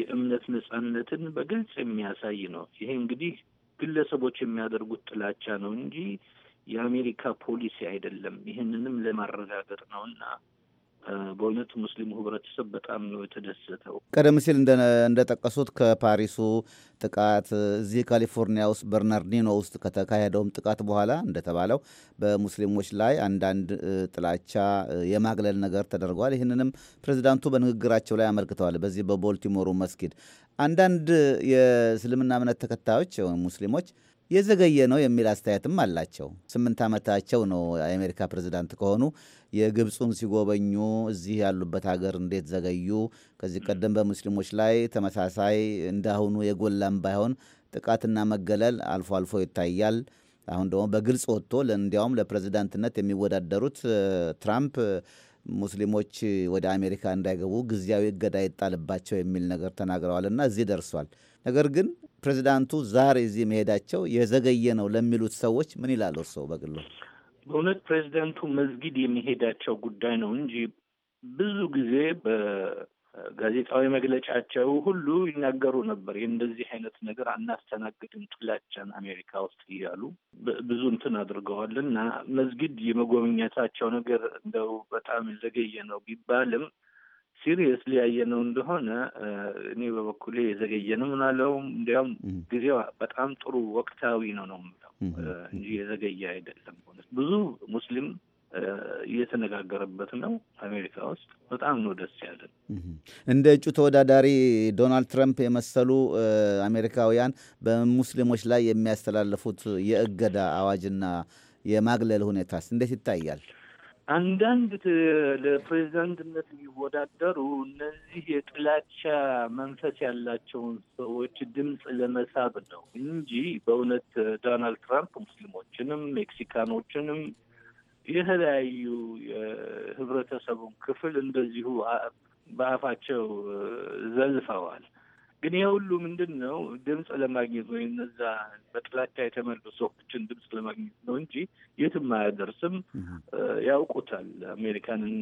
የእምነት ነጻነትን በግልጽ የሚያሳይ ነው። ይሄ እንግዲህ ግለሰቦች የሚያደርጉት ጥላቻ ነው እንጂ የአሜሪካ ፖሊሲ አይደለም። ይህንንም ለማረጋገጥ ነው እና በእውነቱ ሙስሊሙ ህብረተሰብ በጣም ነው የተደሰተው። ቀደም ሲል እንደጠቀሱት ከፓሪሱ ጥቃት እዚህ ካሊፎርኒያ ውስጥ በርናርዲኖ ውስጥ ከተካሄደውም ጥቃት በኋላ እንደተባለው በሙስሊሞች ላይ አንዳንድ ጥላቻ የማግለል ነገር ተደርጓል። ይህንንም ፕሬዚዳንቱ በንግግራቸው ላይ አመልክተዋል። በዚህ በቦልቲሞሩ መስጊድ አንዳንድ የእስልምና እምነት ተከታዮች ሙስሊሞች የዘገየ ነው የሚል አስተያየትም አላቸው። ስምንት ዓመታቸው ነው የአሜሪካ ፕሬዚዳንት ከሆኑ። የግብፁን ሲጎበኙ እዚህ ያሉበት ሀገር እንዴት ዘገዩ? ከዚህ ቀደም በሙስሊሞች ላይ ተመሳሳይ እንዳሁኑ የጎላም ባይሆን ጥቃትና መገለል አልፎ አልፎ ይታያል። አሁን ደግሞ በግልጽ ወጥቶ እንዲያውም ለፕሬዚዳንትነት የሚወዳደሩት ትራምፕ ሙስሊሞች ወደ አሜሪካ እንዳይገቡ ጊዜያዊ እገዳ ይጣልባቸው የሚል ነገር ተናግረዋልና እዚህ ደርሷል። ነገር ግን ፕሬዚዳንቱ ዛሬ እዚህ መሄዳቸው የዘገየ ነው ለሚሉት ሰዎች ምን ይላሉ? ሰው በግሎ በእውነት ፕሬዚዳንቱ መስጊድ የሚሄዳቸው ጉዳይ ነው እንጂ ብዙ ጊዜ በጋዜጣዊ መግለጫቸው ሁሉ ይናገሩ ነበር። የእንደዚህ አይነት ነገር አናስተናግድም፣ ጥላቻን አሜሪካ ውስጥ እያሉ ብዙ እንትን አድርገዋል እና መስጊድ የመጎብኘታቸው ነገር እንደው በጣም ዘገየ ነው ቢባልም ሲሪየስ ሊያየ ነው እንደሆነ እኔ በበኩሌ የዘገየ ነው ምናለው። እንዲያውም ጊዜው በጣም ጥሩ ወቅታዊ ነው ነው የምለው እንጂ የዘገየ አይደለም። ብዙ ሙስሊም እየተነጋገረበት ነው አሜሪካ ውስጥ። በጣም ነው ደስ ያለን። እንደ እጩ ተወዳዳሪ ዶናልድ ትረምፕ የመሰሉ አሜሪካውያን በሙስሊሞች ላይ የሚያስተላልፉት የእገዳ አዋጅና የማግለል ሁኔታስ እንዴት ይታያል? አንዳንድ ለፕሬዚዳንትነት የሚወዳደሩ እነዚህ የጥላቻ መንፈስ ያላቸውን ሰዎች ድምፅ ለመሳብ ነው እንጂ በእውነት ዶናልድ ትራምፕ ሙስሊሞችንም፣ ሜክሲካኖችንም የተለያዩ የህብረተሰቡን ክፍል እንደዚሁ በአፋቸው ዘልፈዋል። ግን ይህ ሁሉ ምንድን ነው ድምፅ ለማግኘት ወይም እነዛ በጥላቻ የተመሉ ሰዎችን ድምፅ ለማግኘት ነው እንጂ የትም አያደርስም። ያውቁታል አሜሪካንን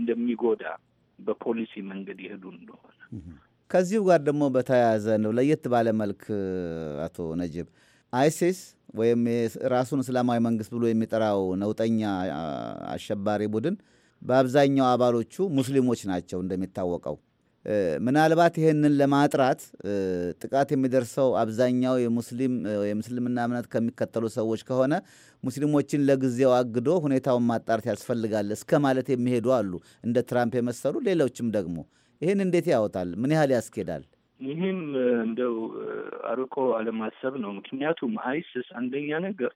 እንደሚጎዳ በፖሊሲ መንገድ ይሄዱ እንደሆነ። ከዚሁ ጋር ደግሞ በተያያዘ ነው ለየት ባለ መልክ አቶ ነጅብ አይሲስ ወይም ራሱን እስላማዊ መንግስት ብሎ የሚጠራው ነውጠኛ አሸባሪ ቡድን በአብዛኛው አባሎቹ ሙስሊሞች ናቸው እንደሚታወቀው ምናልባት ይህንን ለማጥራት ጥቃት የሚደርሰው አብዛኛው የሙስሊም የምስልምና እምነት ከሚከተሉ ሰዎች ከሆነ ሙስሊሞችን ለጊዜው አግዶ ሁኔታውን ማጣራት ያስፈልጋል እስከ ማለት የሚሄዱ አሉ፣ እንደ ትራምፕ የመሰሉ ሌሎችም ደግሞ። ይህን እንዴት ያወጣል? ምን ያህል ያስኬዳል? ይህም እንደው አርቆ አለማሰብ ነው። ምክንያቱም አይስስ አንደኛ ነገር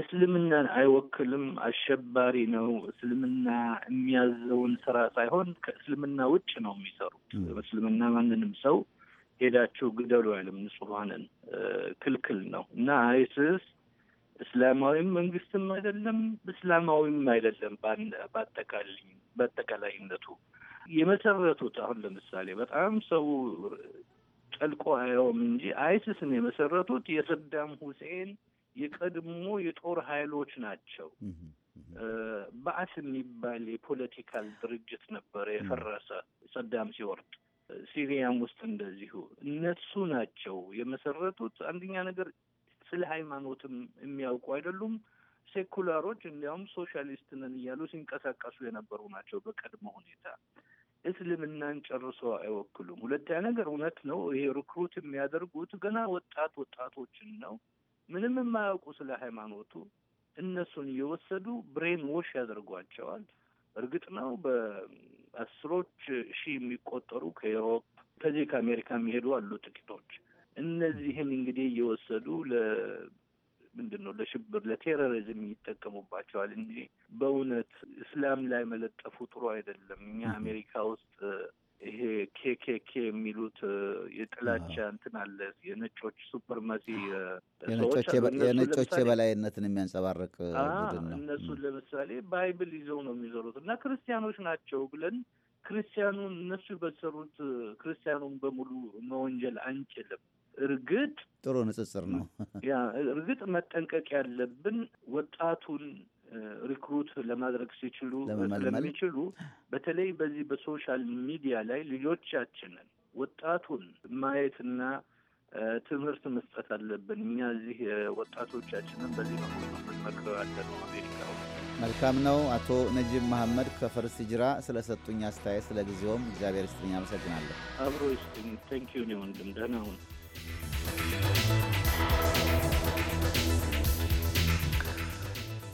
እስልምናን አይወክልም፣ አሸባሪ ነው። እስልምና የሚያዘውን ስራ ሳይሆን ከእስልምና ውጭ ነው የሚሰሩት። እስልምና ማንንም ሰው ሄዳችሁ ግደሉ አይልም፣ ንጹሐንን ክልክል ነው እና አይስስ እስላማዊም መንግስትም አይደለም፣ እስላማዊም አይደለም። በአጠቃላይነቱ የመሰረቱት አሁን ለምሳሌ በጣም ሰው ጠልቆ አየውም እንጂ አይስስን የመሰረቱት የሰዳም ሁሴን የቀድሞ የጦር ኃይሎች ናቸው። በአት የሚባል የፖለቲካል ድርጅት ነበረ የፈረሰ ሰዳም ሲወርድ፣ ሲሪያም ውስጥ እንደዚሁ እነሱ ናቸው የመሰረቱት። አንደኛ ነገር ስለ ሃይማኖትም የሚያውቁ አይደሉም። ሴኩላሮች እንዲያውም ሶሻሊስት ነን እያሉ ሲንቀሳቀሱ የነበሩ ናቸው። በቀድሞ ሁኔታ እስልምናን ጨርሶ አይወክሉም። ሁለተኛ ነገር እውነት ነው፣ ይሄ ሪክሩት የሚያደርጉት ገና ወጣት ወጣቶችን ነው። ምንም የማያውቁ ስለ ሃይማኖቱ እነሱን እየወሰዱ ብሬን ዎሽ ያደርጓቸዋል። እርግጥ ነው በአስሮች ሺህ የሚቆጠሩ ከኤሮፕ ከዚህ ከአሜሪካ የሚሄዱ አሉ ጥቂቶች። እነዚህን እንግዲህ እየወሰዱ ምንድን ነው ለሽብር ለቴሮሪዝም ይጠቀሙባቸዋል እንጂ በእውነት እስላም ላይ መለጠፉ ጥሩ አይደለም። እኛ አሜሪካ ውስጥ ይሄ ኬኬኬ የሚሉት የጥላቻ እንትን አለ። የነጮች ሱፐርማሲ የነጮች የበላይነትን የሚያንጸባርቅ ቡድን ነው። እነሱን ለምሳሌ ባይብል ይዘው ነው የሚዞሩት እና ክርስቲያኖች ናቸው ብለን ክርስቲያኑን እነሱ የበሰሩት ክርስቲያኑን በሙሉ መወንጀል አንችልም። እርግጥ ጥሩ ንጽጽር ነው። ያ እርግጥ መጠንቀቅ ያለብን ወጣቱን ሪክሩት ለማድረግ ሲችሉ ስለሚችሉ በተለይ በዚህ በሶሻል ሚዲያ ላይ ልጆቻችንን ወጣቱን ማየትና ትምህርት መስጠት አለብን። እኛ እዚህ ወጣቶቻችንን በዚህ መክረዋለ ነው አሜሪካ መልካም ነው። አቶ ነጂብ መሐመድ ከፈርስ ጅራ ስለሰጡኝ አስተያየት ስለ ጊዜውም እግዚአብሔር ይስጥልኝ፣ አመሰግናለሁ። አብሮ ይስጥኝ። ታንኪዩ ወንድም ደህና ሁን።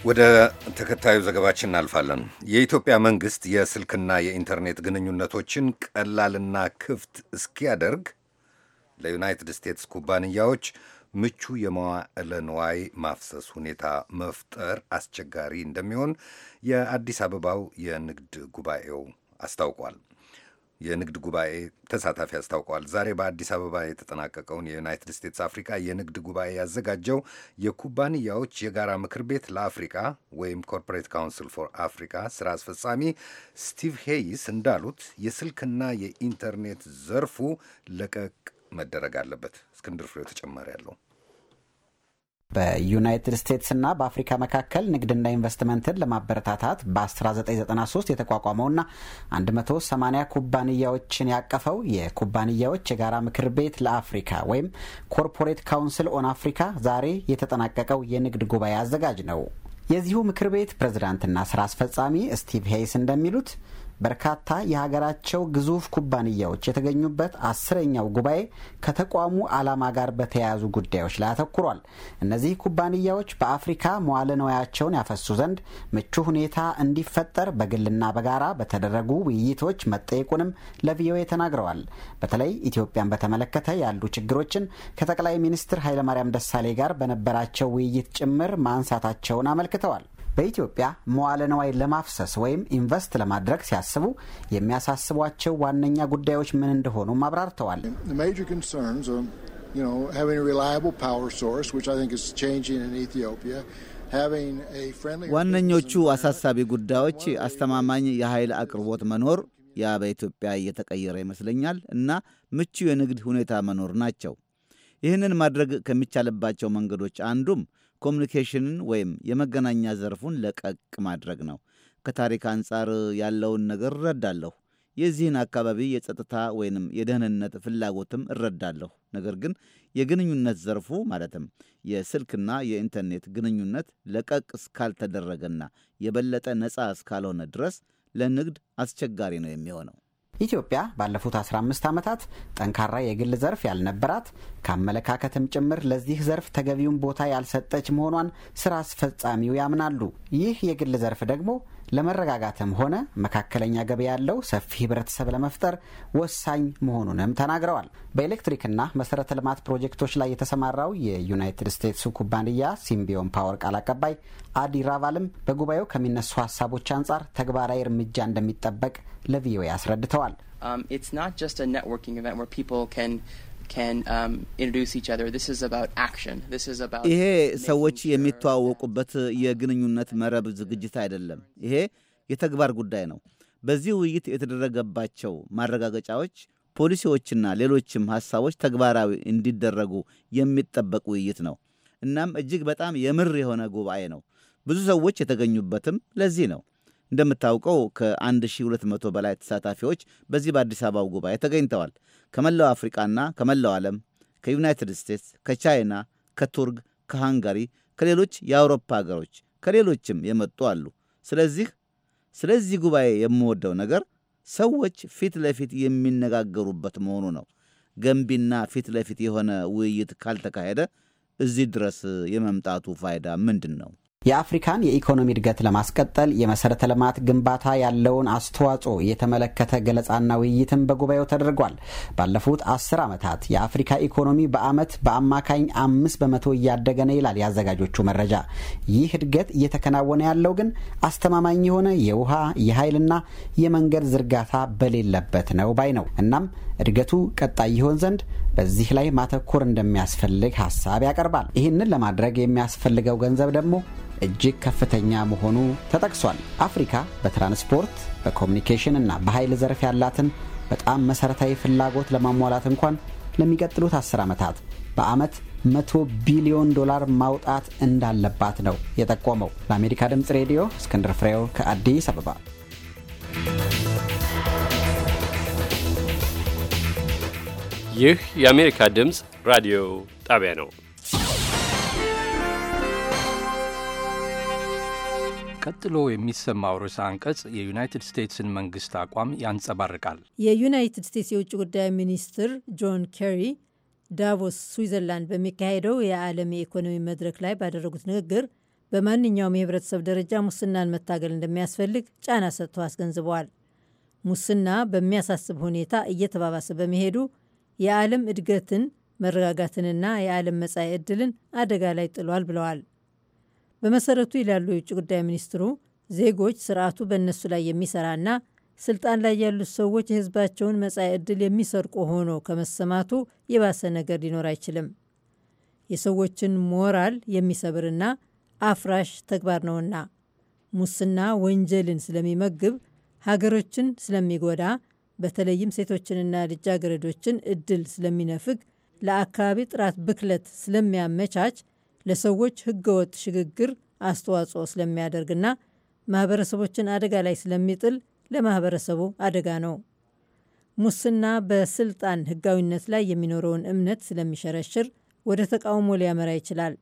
ወደ ተከታዩ ዘገባችን እናልፋለን። የኢትዮጵያ መንግሥት የስልክና የኢንተርኔት ግንኙነቶችን ቀላልና ክፍት እስኪያደርግ ለዩናይትድ ስቴትስ ኩባንያዎች ምቹ የመዋዕለ ንዋይ ማፍሰስ ሁኔታ መፍጠር አስቸጋሪ እንደሚሆን የአዲስ አበባው የንግድ ጉባኤው አስታውቋል። የንግድ ጉባኤ ተሳታፊ አስታውቀዋል። ዛሬ በአዲስ አበባ የተጠናቀቀውን የዩናይትድ ስቴትስ አፍሪካ የንግድ ጉባኤ ያዘጋጀው የኩባንያዎች የጋራ ምክር ቤት ለአፍሪካ ወይም ኮርፖሬት ካውንስል ፎር አፍሪካ ስራ አስፈጻሚ ስቲቭ ሄይስ እንዳሉት የስልክና የኢንተርኔት ዘርፉ ለቀቅ መደረግ አለበት። እስክንድር ፍሬው ተጨማሪ አለው። በዩናይትድ ስቴትስና በአፍሪካ መካከል ንግድና ኢንቨስትመንትን ለማበረታታት በ1993 የተቋቋመውና 180 ኩባንያዎችን ያቀፈው የኩባንያዎች የጋራ ምክር ቤት ለአፍሪካ ወይም ኮርፖሬት ካውንስል ኦን አፍሪካ ዛሬ የተጠናቀቀው የንግድ ጉባኤ አዘጋጅ ነው። የዚሁ ምክር ቤት ፕሬዝዳንትና ስራ አስፈጻሚ ስቲቭ ሄይስ እንደሚሉት በርካታ የሀገራቸው ግዙፍ ኩባንያዎች የተገኙበት አስረኛው ጉባኤ ከተቋሙ ዓላማ ጋር በተያያዙ ጉዳዮች ላይ አተኩሯል። እነዚህ ኩባንያዎች በአፍሪካ መዋለ ንዋያቸውን ያፈሱ ዘንድ ምቹ ሁኔታ እንዲፈጠር በግልና በጋራ በተደረጉ ውይይቶች መጠየቁንም ለቪኦኤ ተናግረዋል። በተለይ ኢትዮጵያን በተመለከተ ያሉ ችግሮችን ከጠቅላይ ሚኒስትር ኃይለማርያም ደሳሌ ጋር በነበራቸው ውይይት ጭምር ማንሳታቸውን አመልክተዋል። በኢትዮጵያ መዋለ ነዋይ ለማፍሰስ ወይም ኢንቨስት ለማድረግ ሲያስቡ የሚያሳስቧቸው ዋነኛ ጉዳዮች ምን እንደሆኑ አብራርተዋል። ዋነኞቹ አሳሳቢ ጉዳዮች አስተማማኝ የኃይል አቅርቦት መኖር፣ ያ በኢትዮጵያ እየተቀየረ ይመስለኛል፣ እና ምቹ የንግድ ሁኔታ መኖር ናቸው። ይህንን ማድረግ ከሚቻልባቸው መንገዶች አንዱም ኮሚኒኬሽንን ወይም የመገናኛ ዘርፉን ለቀቅ ማድረግ ነው። ከታሪክ አንጻር ያለውን ነገር እረዳለሁ። የዚህን አካባቢ የጸጥታ ወይንም የደህንነት ፍላጎትም እረዳለሁ። ነገር ግን የግንኙነት ዘርፉ ማለትም የስልክና የኢንተርኔት ግንኙነት ለቀቅ እስካልተደረገና የበለጠ ነፃ እስካልሆነ ድረስ ለንግድ አስቸጋሪ ነው የሚሆነው። ኢትዮጵያ ባለፉት 15 ዓመታት ጠንካራ የግል ዘርፍ ያልነበራት ከአመለካከትም ጭምር ለዚህ ዘርፍ ተገቢውን ቦታ ያልሰጠች መሆኗን ስራ አስፈጻሚው ያምናሉ። ይህ የግል ዘርፍ ደግሞ ለመረጋጋትም ሆነ መካከለኛ ገበያ ያለው ሰፊ ህብረተሰብ ለመፍጠር ወሳኝ መሆኑንም ተናግረዋል። በኤሌክትሪክና መሰረተ ልማት ፕሮጀክቶች ላይ የተሰማራው የዩናይትድ ስቴትሱ ኩባንያ ሲምቢዮን ፓወር ቃል አቀባይ አዲ ራቫልም በጉባኤው ከሚነሱ ሀሳቦች አንጻር ተግባራዊ እርምጃ እንደሚጠበቅ ለቪኦኤ አስረድተዋል። um, Um, ይሄ ሰዎች የሚተዋወቁበት የግንኙነት መረብ ዝግጅት አይደለም። ይሄ የተግባር ጉዳይ ነው። በዚህ ውይይት የተደረገባቸው ማረጋገጫዎች፣ ፖሊሲዎችና ሌሎችም ሐሳቦች ተግባራዊ እንዲደረጉ የሚጠበቅ ውይይት ነው። እናም እጅግ በጣም የምር የሆነ ጉባኤ ነው። ብዙ ሰዎች የተገኙበትም ለዚህ ነው። እንደምታውቀው ከ1200 በላይ ተሳታፊዎች በዚህ በአዲስ አበባው ጉባኤ ተገኝተዋል። ከመላው አፍሪቃና ከመላው ዓለም፣ ከዩናይትድ ስቴትስ፣ ከቻይና፣ ከቱርክ፣ ከሃንጋሪ፣ ከሌሎች የአውሮፓ ሀገሮች፣ ከሌሎችም የመጡ አሉ። ስለዚህ ስለዚህ ጉባኤ የምወደው ነገር ሰዎች ፊት ለፊት የሚነጋገሩበት መሆኑ ነው። ገንቢና ፊት ለፊት የሆነ ውይይት ካልተካሄደ እዚህ ድረስ የመምጣቱ ፋይዳ ምንድን ነው? የአፍሪካን የኢኮኖሚ እድገት ለማስቀጠል የመሰረተ ልማት ግንባታ ያለውን አስተዋጽኦ የተመለከተ ገለጻና ውይይትም በጉባኤው ተደርጓል። ባለፉት አስር ዓመታት የአፍሪካ ኢኮኖሚ በዓመት በአማካኝ አምስት በመቶ እያደገ ነው ይላል የአዘጋጆቹ መረጃ። ይህ እድገት እየተከናወነ ያለው ግን አስተማማኝ የሆነ የውሃ የኃይልና የመንገድ ዝርጋታ በሌለበት ነው ባይ ነው። እናም እድገቱ ቀጣይ ይሆን ዘንድ በዚህ ላይ ማተኮር እንደሚያስፈልግ ሀሳብ ያቀርባል። ይህንን ለማድረግ የሚያስፈልገው ገንዘብ ደግሞ እጅግ ከፍተኛ መሆኑ ተጠቅሷል። አፍሪካ በትራንስፖርት በኮሚኒኬሽን እና በኃይል ዘርፍ ያላትን በጣም መሠረታዊ ፍላጎት ለማሟላት እንኳን ለሚቀጥሉት አስር ዓመታት በዓመት መቶ ቢሊዮን ዶላር ማውጣት እንዳለባት ነው የጠቆመው። ለአሜሪካ ድምፅ ሬዲዮ እስክንድር ፍሬው ከአዲስ አበባ። ይህ የአሜሪካ ድምፅ ራዲዮ ጣቢያ ነው። ቀጥሎ የሚሰማው ርዕሰ አንቀጽ የዩናይትድ ስቴትስን መንግስት አቋም ያንጸባርቃል። የዩናይትድ ስቴትስ የውጭ ጉዳይ ሚኒስትር ጆን ኬሪ ዳቮስ ስዊዘርላንድ በሚካሄደው የዓለም የኢኮኖሚ መድረክ ላይ ባደረጉት ንግግር በማንኛውም የህብረተሰብ ደረጃ ሙስናን መታገል እንደሚያስፈልግ ጫና ሰጥተው አስገንዝበዋል። ሙስና በሚያሳስብ ሁኔታ እየተባባሰ በመሄዱ የዓለም እድገትን፣ መረጋጋትንና የዓለም መጻኢ ዕድልን አደጋ ላይ ጥሏል ብለዋል። በመሰረቱ ይላሉ የውጭ ጉዳይ ሚኒስትሩ፣ ዜጎች ስርዓቱ በእነሱ ላይ የሚሰራና ስልጣን ላይ ያሉት ሰዎች የህዝባቸውን መጻኢ ዕድል የሚሰርቁ ሆኖ ከመሰማቱ የባሰ ነገር ሊኖር አይችልም። የሰዎችን ሞራል የሚሰብርና አፍራሽ ተግባር ነውና ሙስና ወንጀልን ስለሚመግብ፣ ሀገሮችን ስለሚጎዳ፣ በተለይም ሴቶችንና ልጃገረዶችን እድል ስለሚነፍግ፣ ለአካባቢ ጥራት ብክለት ስለሚያመቻች ለሰዎች ህገወጥ ሽግግር አስተዋጽኦ ስለሚያደርግና ማህበረሰቦችን አደጋ ላይ ስለሚጥል ለማህበረሰቡ አደጋ ነው። ሙስና በስልጣን ህጋዊነት ላይ የሚኖረውን እምነት ስለሚሸረሽር ወደ ተቃውሞ ሊያመራ ይችላል።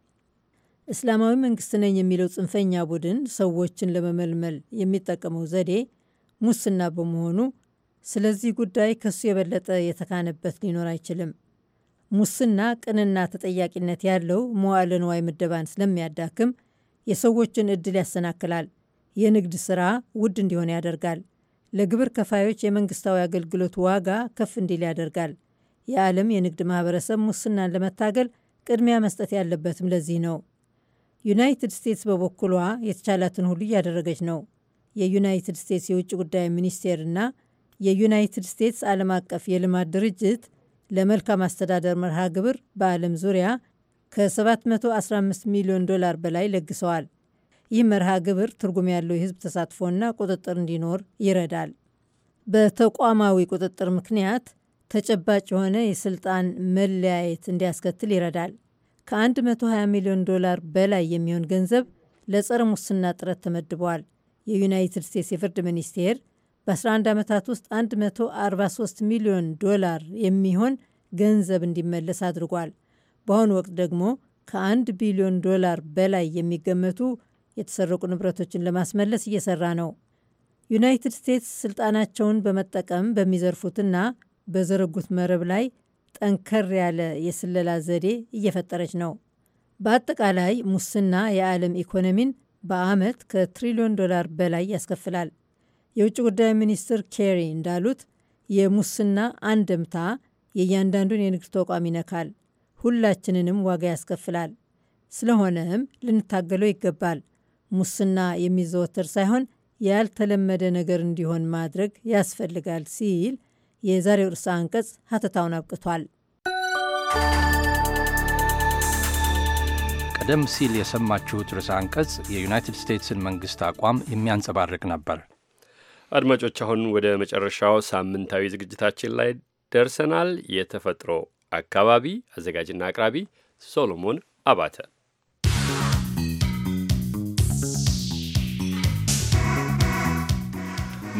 እስላማዊ መንግስት ነኝ የሚለው ጽንፈኛ ቡድን ሰዎችን ለመመልመል የሚጠቀመው ዘዴ ሙስና በመሆኑ ስለዚህ ጉዳይ ከሱ የበለጠ የተካነበት ሊኖር አይችልም። ሙስና ቅንና ተጠያቂነት ያለው መዋዕለ ንዋይ ምደባን ስለሚያዳክም የሰዎችን እድል ያሰናክላል፣ የንግድ ሥራ ውድ እንዲሆን ያደርጋል፣ ለግብር ከፋዮች የመንግስታዊ አገልግሎት ዋጋ ከፍ እንዲል ያደርጋል። የዓለም የንግድ ማህበረሰብ ሙስናን ለመታገል ቅድሚያ መስጠት ያለበትም ለዚህ ነው። ዩናይትድ ስቴትስ በበኩሏ የተቻላትን ሁሉ እያደረገች ነው። የዩናይትድ ስቴትስ የውጭ ጉዳይ ሚኒስቴርና የዩናይትድ ስቴትስ ዓለም አቀፍ የልማት ድርጅት ለመልካም አስተዳደር መርሃ ግብር በዓለም ዙሪያ ከ715 ሚሊዮን ዶላር በላይ ለግሰዋል። ይህ መርሃ ግብር ትርጉም ያለው የህዝብ ተሳትፎና ቁጥጥር እንዲኖር ይረዳል። በተቋማዊ ቁጥጥር ምክንያት ተጨባጭ የሆነ የስልጣን መለያየት እንዲያስከትል ይረዳል። ከ120 ሚሊዮን ዶላር በላይ የሚሆን ገንዘብ ለጸረ ሙስና ጥረት ተመድቧል። የዩናይትድ ስቴትስ የፍርድ ሚኒስቴር በ11 ዓመታት ውስጥ 143 ሚሊዮን ዶላር የሚሆን ገንዘብ እንዲመለስ አድርጓል። በአሁኑ ወቅት ደግሞ ከ1 ቢሊዮን ዶላር በላይ የሚገመቱ የተሰረቁ ንብረቶችን ለማስመለስ እየሰራ ነው። ዩናይትድ ስቴትስ ስልጣናቸውን በመጠቀም በሚዘርፉትና በዘረጉት መረብ ላይ ጠንከር ያለ የስለላ ዘዴ እየፈጠረች ነው። በአጠቃላይ ሙስና የዓለም ኢኮኖሚን በዓመት ከትሪሊዮን ዶላር በላይ ያስከፍላል። የውጭ ጉዳይ ሚኒስትር ኬሪ እንዳሉት የሙስና አንድምታ የእያንዳንዱን የንግድ ተቋም ይነካል፣ ሁላችንንም ዋጋ ያስከፍላል። ስለሆነም ልንታገለው ይገባል። ሙስና የሚዘወተር ሳይሆን ያልተለመደ ነገር እንዲሆን ማድረግ ያስፈልጋል ሲል የዛሬው ርዕሰ አንቀጽ ሀተታውን አብቅቷል። ቀደም ሲል የሰማችሁት ርዕሰ አንቀጽ የዩናይትድ ስቴትስን መንግሥት አቋም የሚያንጸባርቅ ነበር። አድማጮች አሁን ወደ መጨረሻው ሳምንታዊ ዝግጅታችን ላይ ደርሰናል። የተፈጥሮ አካባቢ አዘጋጅና አቅራቢ ሶሎሞን አባተ።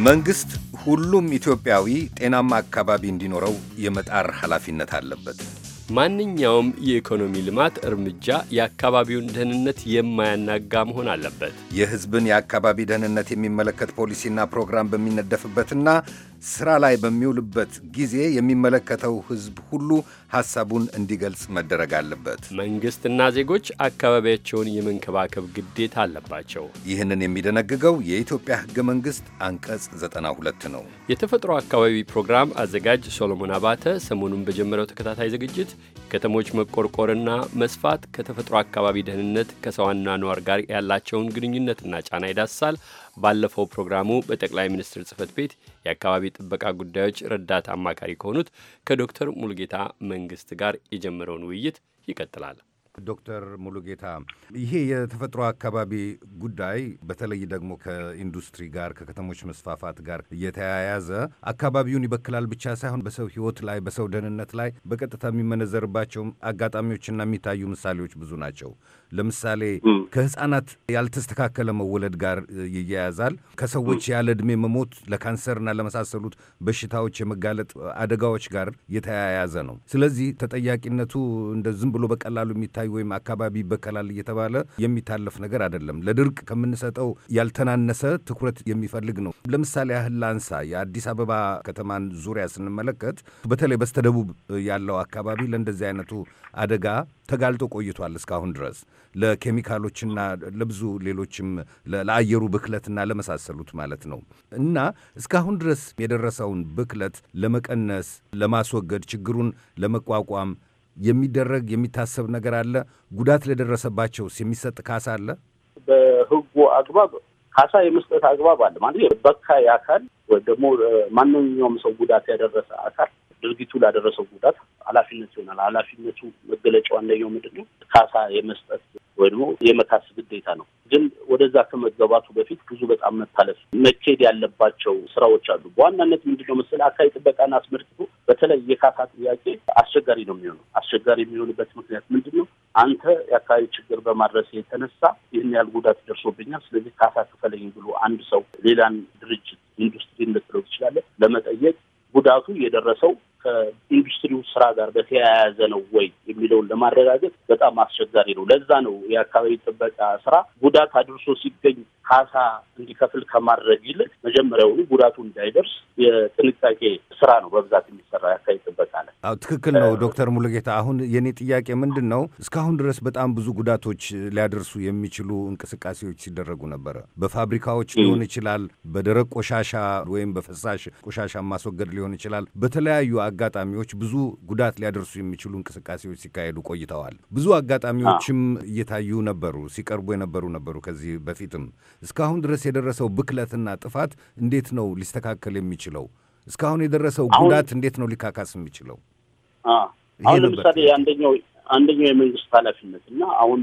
መንግሥት ሁሉም ኢትዮጵያዊ ጤናማ አካባቢ እንዲኖረው የመጣር ኃላፊነት አለበት። ማንኛውም የኢኮኖሚ ልማት እርምጃ የአካባቢውን ደህንነት የማያናጋ መሆን አለበት። የሕዝብን የአካባቢ ደህንነት የሚመለከት ፖሊሲና ፕሮግራም በሚነደፍበትና ስራ ላይ በሚውልበት ጊዜ የሚመለከተው ሕዝብ ሁሉ ሐሳቡን እንዲገልጽ መደረግ አለበት። መንግሥትና ዜጎች አካባቢያቸውን የመንከባከብ ግዴታ አለባቸው። ይህንን የሚደነግገው የኢትዮጵያ ሕገ መንግሥት አንቀጽ 92 ነው። የተፈጥሮ አካባቢ ፕሮግራም አዘጋጅ ሶሎሞን አባተ ሰሞኑን በጀመረው ተከታታይ ዝግጅት ከተሞች መቆርቆርና መስፋት ከተፈጥሮ አካባቢ ደህንነት ከሰዋና ኗር ጋር ያላቸውን ግንኙነትና ጫና ይዳስሳል። ባለፈው ፕሮግራሙ በጠቅላይ ሚኒስትር ጽህፈት ቤት የአካባቢ ጥበቃ ጉዳዮች ረዳት አማካሪ ከሆኑት ከዶክተር ሙሉጌታ መንግስት ጋር የጀመረውን ውይይት ይቀጥላል። ዶክተር ሙሉጌታ ይሄ የተፈጥሮ አካባቢ ጉዳይ በተለይ ደግሞ ከኢንዱስትሪ ጋር ከከተሞች መስፋፋት ጋር እየተያያዘ አካባቢውን ይበክላል ብቻ ሳይሆን በሰው ሕይወት ላይ በሰው ደህንነት ላይ በቀጥታ የሚመነዘርባቸው አጋጣሚዎችና የሚታዩ ምሳሌዎች ብዙ ናቸው። ለምሳሌ ከህፃናት ያልተስተካከለ መወለድ ጋር ይያያዛል። ከሰዎች ያለ ዕድሜ መሞት፣ ለካንሰርና ለመሳሰሉት በሽታዎች የመጋለጥ አደጋዎች ጋር የተያያዘ ነው። ስለዚህ ተጠያቂነቱ እንደ ዝም ብሎ በቀላሉ የሚታይ ወይም አካባቢ ይበከላል እየተባለ የሚታለፍ ነገር አይደለም። ለድርቅ ከምንሰጠው ያልተናነሰ ትኩረት የሚፈልግ ነው። ለምሳሌ ያህል ላንሳ የአዲስ አበባ ከተማን ዙሪያ ስንመለከት በተለይ በስተደቡብ ያለው አካባቢ ለእንደዚህ አይነቱ አደጋ ተጋልጦ ቆይቷል እስካሁን ድረስ ለኬሚካሎችና ለብዙ ሌሎችም ለአየሩ ብክለትና ለመሳሰሉት ማለት ነው። እና እስካሁን ድረስ የደረሰውን ብክለት ለመቀነስ፣ ለማስወገድ፣ ችግሩን ለመቋቋም የሚደረግ የሚታሰብ ነገር አለ? ጉዳት ለደረሰባቸውስ የሚሰጥ ካሳ አለ? በህጉ አግባብ ካሳ የመስጠት አግባብ አለ ማለት በካይ አካል ወይ ደግሞ ማንኛውም ሰው ጉዳት ያደረሰ አካል ድርጊቱ ላደረሰው ጉዳት ኃላፊነት ይሆናል። ኃላፊነቱ መገለጫው አንደኛው ምንድን ነው? ካሳ የመስጠት ወይ ደግሞ የመካስ ግዴታ ነው። ግን ወደዛ ከመገባቱ በፊት ብዙ በጣም መታለፍ መኬድ ያለባቸው ስራዎች አሉ። በዋናነት ምንድነው መሰለህ አካባቢ ጥበቃን አስመልክቶ በተለይ የካሳ ጥያቄ አስቸጋሪ ነው የሚሆነው። አስቸጋሪ የሚሆንበት ምክንያት ምንድን ነው? አንተ የአካባቢ ችግር በማድረስ የተነሳ ይህን ያህል ጉዳት ደርሶብኛል፣ ስለዚህ ካሳ ክፈለኝ ብሎ አንድ ሰው ሌላን ድርጅት ኢንዱስትሪ ልትለው ትችላለህ ለመጠየቅ ጉዳቱ የደረሰው ከኢንዱስትሪው ስራ ጋር በተያያዘ ነው ወይ የሚለውን ለማረጋገጥ በጣም አስቸጋሪ ነው። ለዛ ነው የአካባቢ ጥበቃ ስራ ጉዳት አድርሶ ሲገኝ ካሳ እንዲከፍል ከማድረግ ይልቅ መጀመሪያውኑ ጉዳቱ እንዳይደርስ የጥንቃቄ ስራ ነው በብዛት የሚሰራ ያካሂድ ጥበቃ አዎ ትክክል ነው ዶክተር ሙሉጌታ። አሁን የእኔ ጥያቄ ምንድን ነው፣ እስካሁን ድረስ በጣም ብዙ ጉዳቶች ሊያደርሱ የሚችሉ እንቅስቃሴዎች ሲደረጉ ነበረ። በፋብሪካዎች ሊሆን ይችላል፣ በደረቅ ቆሻሻ ወይም በፈሳሽ ቆሻሻ ማስወገድ ሊሆን ይችላል። በተለያዩ አጋጣሚዎች ብዙ ጉዳት ሊያደርሱ የሚችሉ እንቅስቃሴዎች ሲካሄዱ ቆይተዋል። ብዙ አጋጣሚዎችም እየታዩ ነበሩ፣ ሲቀርቡ የነበሩ ነበሩ ከዚህ በፊትም እስካሁን ድረስ የደረሰው ብክለትና ጥፋት እንዴት ነው ሊስተካከል የሚችለው? እስካሁን የደረሰው ጉዳት እንዴት ነው ሊካካስ የሚችለው? አሁን ለምሳሌ አንደኛው አንደኛው የመንግስት ኃላፊነት እና አሁን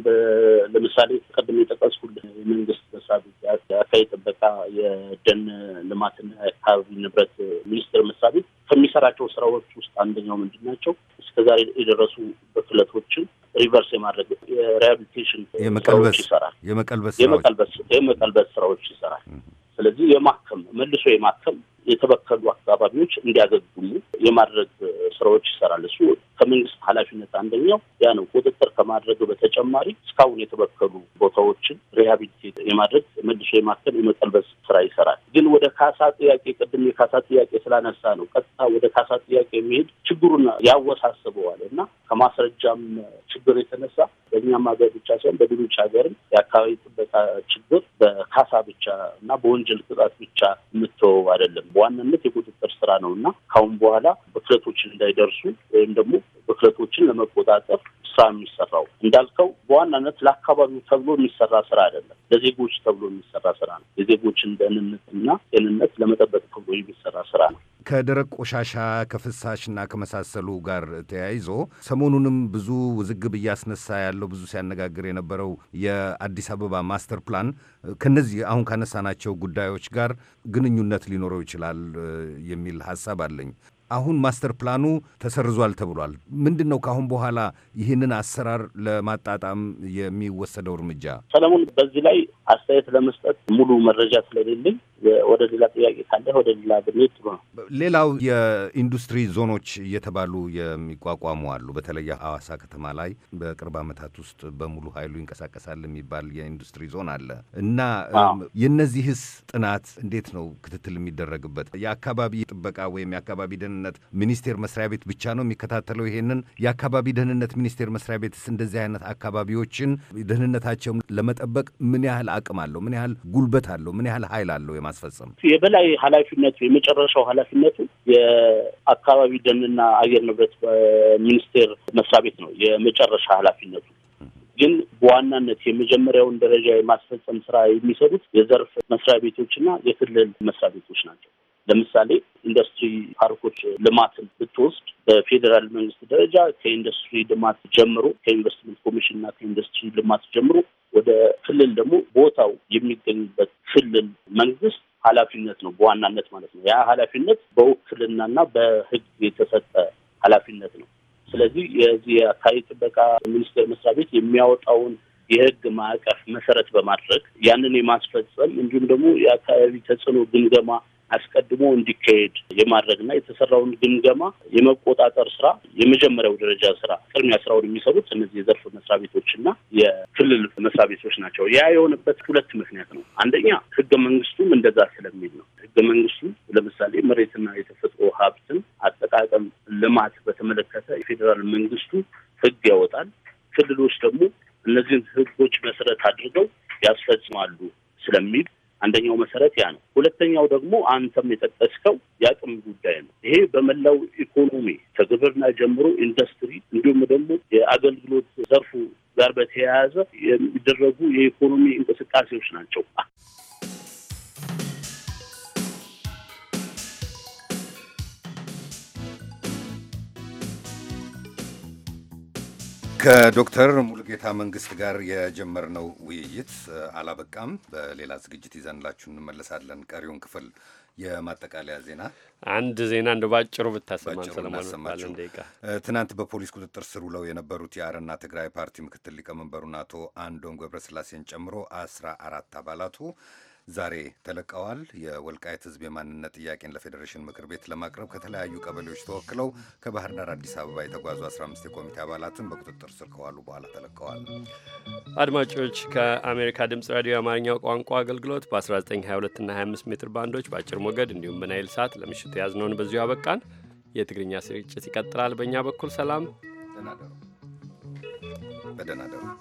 ለምሳሌ ቀድም የጠቀስኩልህ የመንግስት መስሪያ ቤት አካባቢ ጥበቃ፣ የደን ልማትና የአካባቢ ንብረት ሚኒስቴር መስሪያ ቤት ከሚሰራቸው ስራዎች ውስጥ አንደኛው ምንድን ናቸው? እስከዛሬ የደረሱ በክለቶችን ሪቨርስ የማድረግ የሪሃቢሊቴሽን ስራዎች ይሰራል። የመቀልበስ የመቀልበስ ስራዎች ይሰራል። ስለዚህ የማከም መልሶ የማከም የተበከሉ አካባቢዎች እንዲያገግሙ የማድረግ ስራዎች ይሰራል። እሱ ከመንግስት ኃላፊነት አንደኛው ያ ነው። ቁጥጥር ከማድረግ በተጨማሪ እስካሁን የተበከሉ ቦታዎችን ሪሃቢሊቴት የማድረግ መልሶ የማከል የመቀልበስ ስራ ይሰራል። ግን ወደ ካሳ ጥያቄ ቅድም የካሳ ጥያቄ ስላነሳ ነው ቀጥታ ወደ ካሳ ጥያቄ የሚሄድ ችግሩን ያወሳስበዋል እና ከማስረጃም ችግር የተነሳ በእኛም ሀገር ብቻ ሳይሆን በሌሎች ሀገርም የአካባቢ ጥበቃ ችግር በካሳ ብቻ እና በወንጀል ቅጣት ብቻ የምትወው አይደለም። በዋናነት የቁጥጥር ስራ ነው እና ካሁን በኋላ ብክለቶችን እንዳይደርሱ ወይም ደግሞ ብክለቶችን ለመቆጣጠር ስራ የሚሰራው እንዳልከው በዋናነት ለአካባቢው ተብሎ የሚሰራ ስራ አይደለም፣ ለዜጎች ተብሎ የሚሰራ ስራ ነው። የዜጎችን ደህንነትና ጤንነት ለመጠበቅ ተብሎ የሚሰራ ስራ ነው። ከደረቅ ቆሻሻ ከፍሳሽና ከመሳሰሉ ጋር ተያይዞ ሰሞኑንም ብዙ ውዝግብ እያስነሳ ያለው ብዙ ሲያነጋግር የነበረው የአዲስ አበባ ማስተር ፕላን ከነዚህ አሁን ካነሳናቸው ጉዳዮች ጋር ግንኙነት ሊኖረው ይችላል የሚል ሀሳብ አለኝ። አሁን ማስተር ፕላኑ ተሰርዟል ተብሏል። ምንድን ነው ከአሁን በኋላ ይህንን አሰራር ለማጣጣም የሚወሰደው እርምጃ? ሰለሞን፣ በዚህ ላይ አስተያየት ለመስጠት ሙሉ መረጃ ስለሌለኝ ወደ ሌላ ጥያቄ ካለ ወደ ሌላ ብንሄድ ጥሩ ነው። ሌላው የኢንዱስትሪ ዞኖች እየተባሉ የሚቋቋሙ አሉ። በተለይ ሐዋሳ ከተማ ላይ በቅርብ ዓመታት ውስጥ በሙሉ ኃይሉ ይንቀሳቀሳል የሚባል የኢንዱስትሪ ዞን አለ እና የእነዚህስ ጥናት እንዴት ነው ክትትል የሚደረግበት? የአካባቢ ጥበቃ ወይም የአካባቢ ደን ደህንነት ሚኒስቴር መስሪያ ቤት ብቻ ነው የሚከታተለው ይሄንን? የአካባቢ ደህንነት ሚኒስቴር መስሪያ ቤትስ እንደዚህ አይነት አካባቢዎችን ደህንነታቸውን ለመጠበቅ ምን ያህል አቅም አለው? ምን ያህል ጉልበት አለው? ምን ያህል ኃይል አለው የማስፈጸም? የበላይ ኃላፊነቱ የመጨረሻው ኃላፊነቱ የአካባቢ ደንና አየር ንብረት ሚኒስቴር መስሪያ ቤት ነው የመጨረሻ ኃላፊነቱ ግን በዋናነት የመጀመሪያውን ደረጃ የማስፈጸም ስራ የሚሰሩት የዘርፍ መስሪያ ቤቶችና የክልል መስሪያ ቤቶች ናቸው። ለምሳሌ ኢንዱስትሪ ፓርኮች ልማትን ብትወስድ በፌዴራል መንግስት ደረጃ ከኢንዱስትሪ ልማት ጀምሮ ከኢንቨስትመንት ኮሚሽን እና ከኢንዱስትሪ ልማት ጀምሮ ወደ ክልል ደግሞ ቦታው የሚገኝበት ክልል መንግስት ኃላፊነት ነው በዋናነት ማለት ነው። ያ ኃላፊነት በውክልናና በህግ የተሰጠ ኃላፊነት ነው። ስለዚህ የዚህ የአካባቢ ጥበቃ ሚኒስቴር መስሪያ ቤት የሚያወጣውን የህግ ማዕቀፍ መሰረት በማድረግ ያንን የማስፈጸም እንዲሁም ደግሞ የአካባቢ ተጽዕኖ ግምገማ አስቀድሞ እንዲካሄድ የማድረግና የተሰራውን ግምገማ የመቆጣጠር ስራ የመጀመሪያው ደረጃ ስራ ቅድሚያ ስራውን የሚሰሩት እነዚህ የዘርፍ መስሪያ ቤቶችና የክልል መስሪያ ቤቶች ናቸው። ያ የሆነበት ሁለት ምክንያት ነው። አንደኛ ህገ መንግስቱም እንደዛ ስለሚል ነው። ህገ መንግስቱ ለምሳሌ መሬትና የተፈጥሮ ሀብትን አጠቃቀም ልማት በተመለከተ የፌዴራል መንግስቱ ህግ ያወጣል። ክልሎች ደግሞ እነዚህን ህጎች መሰረት አድርገው ያስፈጽማሉ ስለሚል አንደኛው መሰረት ያ ነው። ሁለተኛው ደግሞ አንተም የጠቀስከው የአቅም ጉዳይ ነው። ይሄ በመላው ኢኮኖሚ ከግብርና ጀምሮ ኢንዱስትሪ፣ እንዲሁም ደግሞ የአገልግሎት ዘርፉ ጋር በተያያዘ የሚደረጉ የኢኮኖሚ እንቅስቃሴዎች ናቸው። ከዶክተር ሙሉጌታ መንግስት ጋር የጀመርነው ውይይት አላበቃም። በሌላ ዝግጅት ይዘንላችሁ እንመለሳለን። ቀሪውን ክፍል የማጠቃለያ ዜና አንድ ዜና እንደ ባጭሩ ብታሰማን ሰለሞን። ትናንት በፖሊስ ቁጥጥር ስር ውለው የነበሩት የአረና ትግራይ ፓርቲ ምክትል ሊቀመንበሩን አቶ አንዶን ገብረስላሴን ጨምሮ አስራ አራት አባላቱ ዛሬ ተለቀዋል። የወልቃየት ህዝብ የማንነት ጥያቄን ለፌዴሬሽን ምክር ቤት ለማቅረብ ከተለያዩ ቀበሌዎች ተወክለው ከባህር ዳር አዲስ አበባ የተጓዙ 15 የኮሚቴ አባላትን በቁጥጥር ስር ከዋሉ በኋላ ተለቀዋል። አድማጮች ከአሜሪካ ድምፅ ራዲዮ የአማርኛው ቋንቋ አገልግሎት በ1922 እና 25 ሜትር ባንዶች በአጭር ሞገድ እንዲሁም በናይል ሰዓት ለምሽቱ የያዝነውን በዚሁ አበቃን። የትግርኛ ስርጭት ይቀጥላል። በእኛ በኩል ሰላም፣ በደህና ደሩ።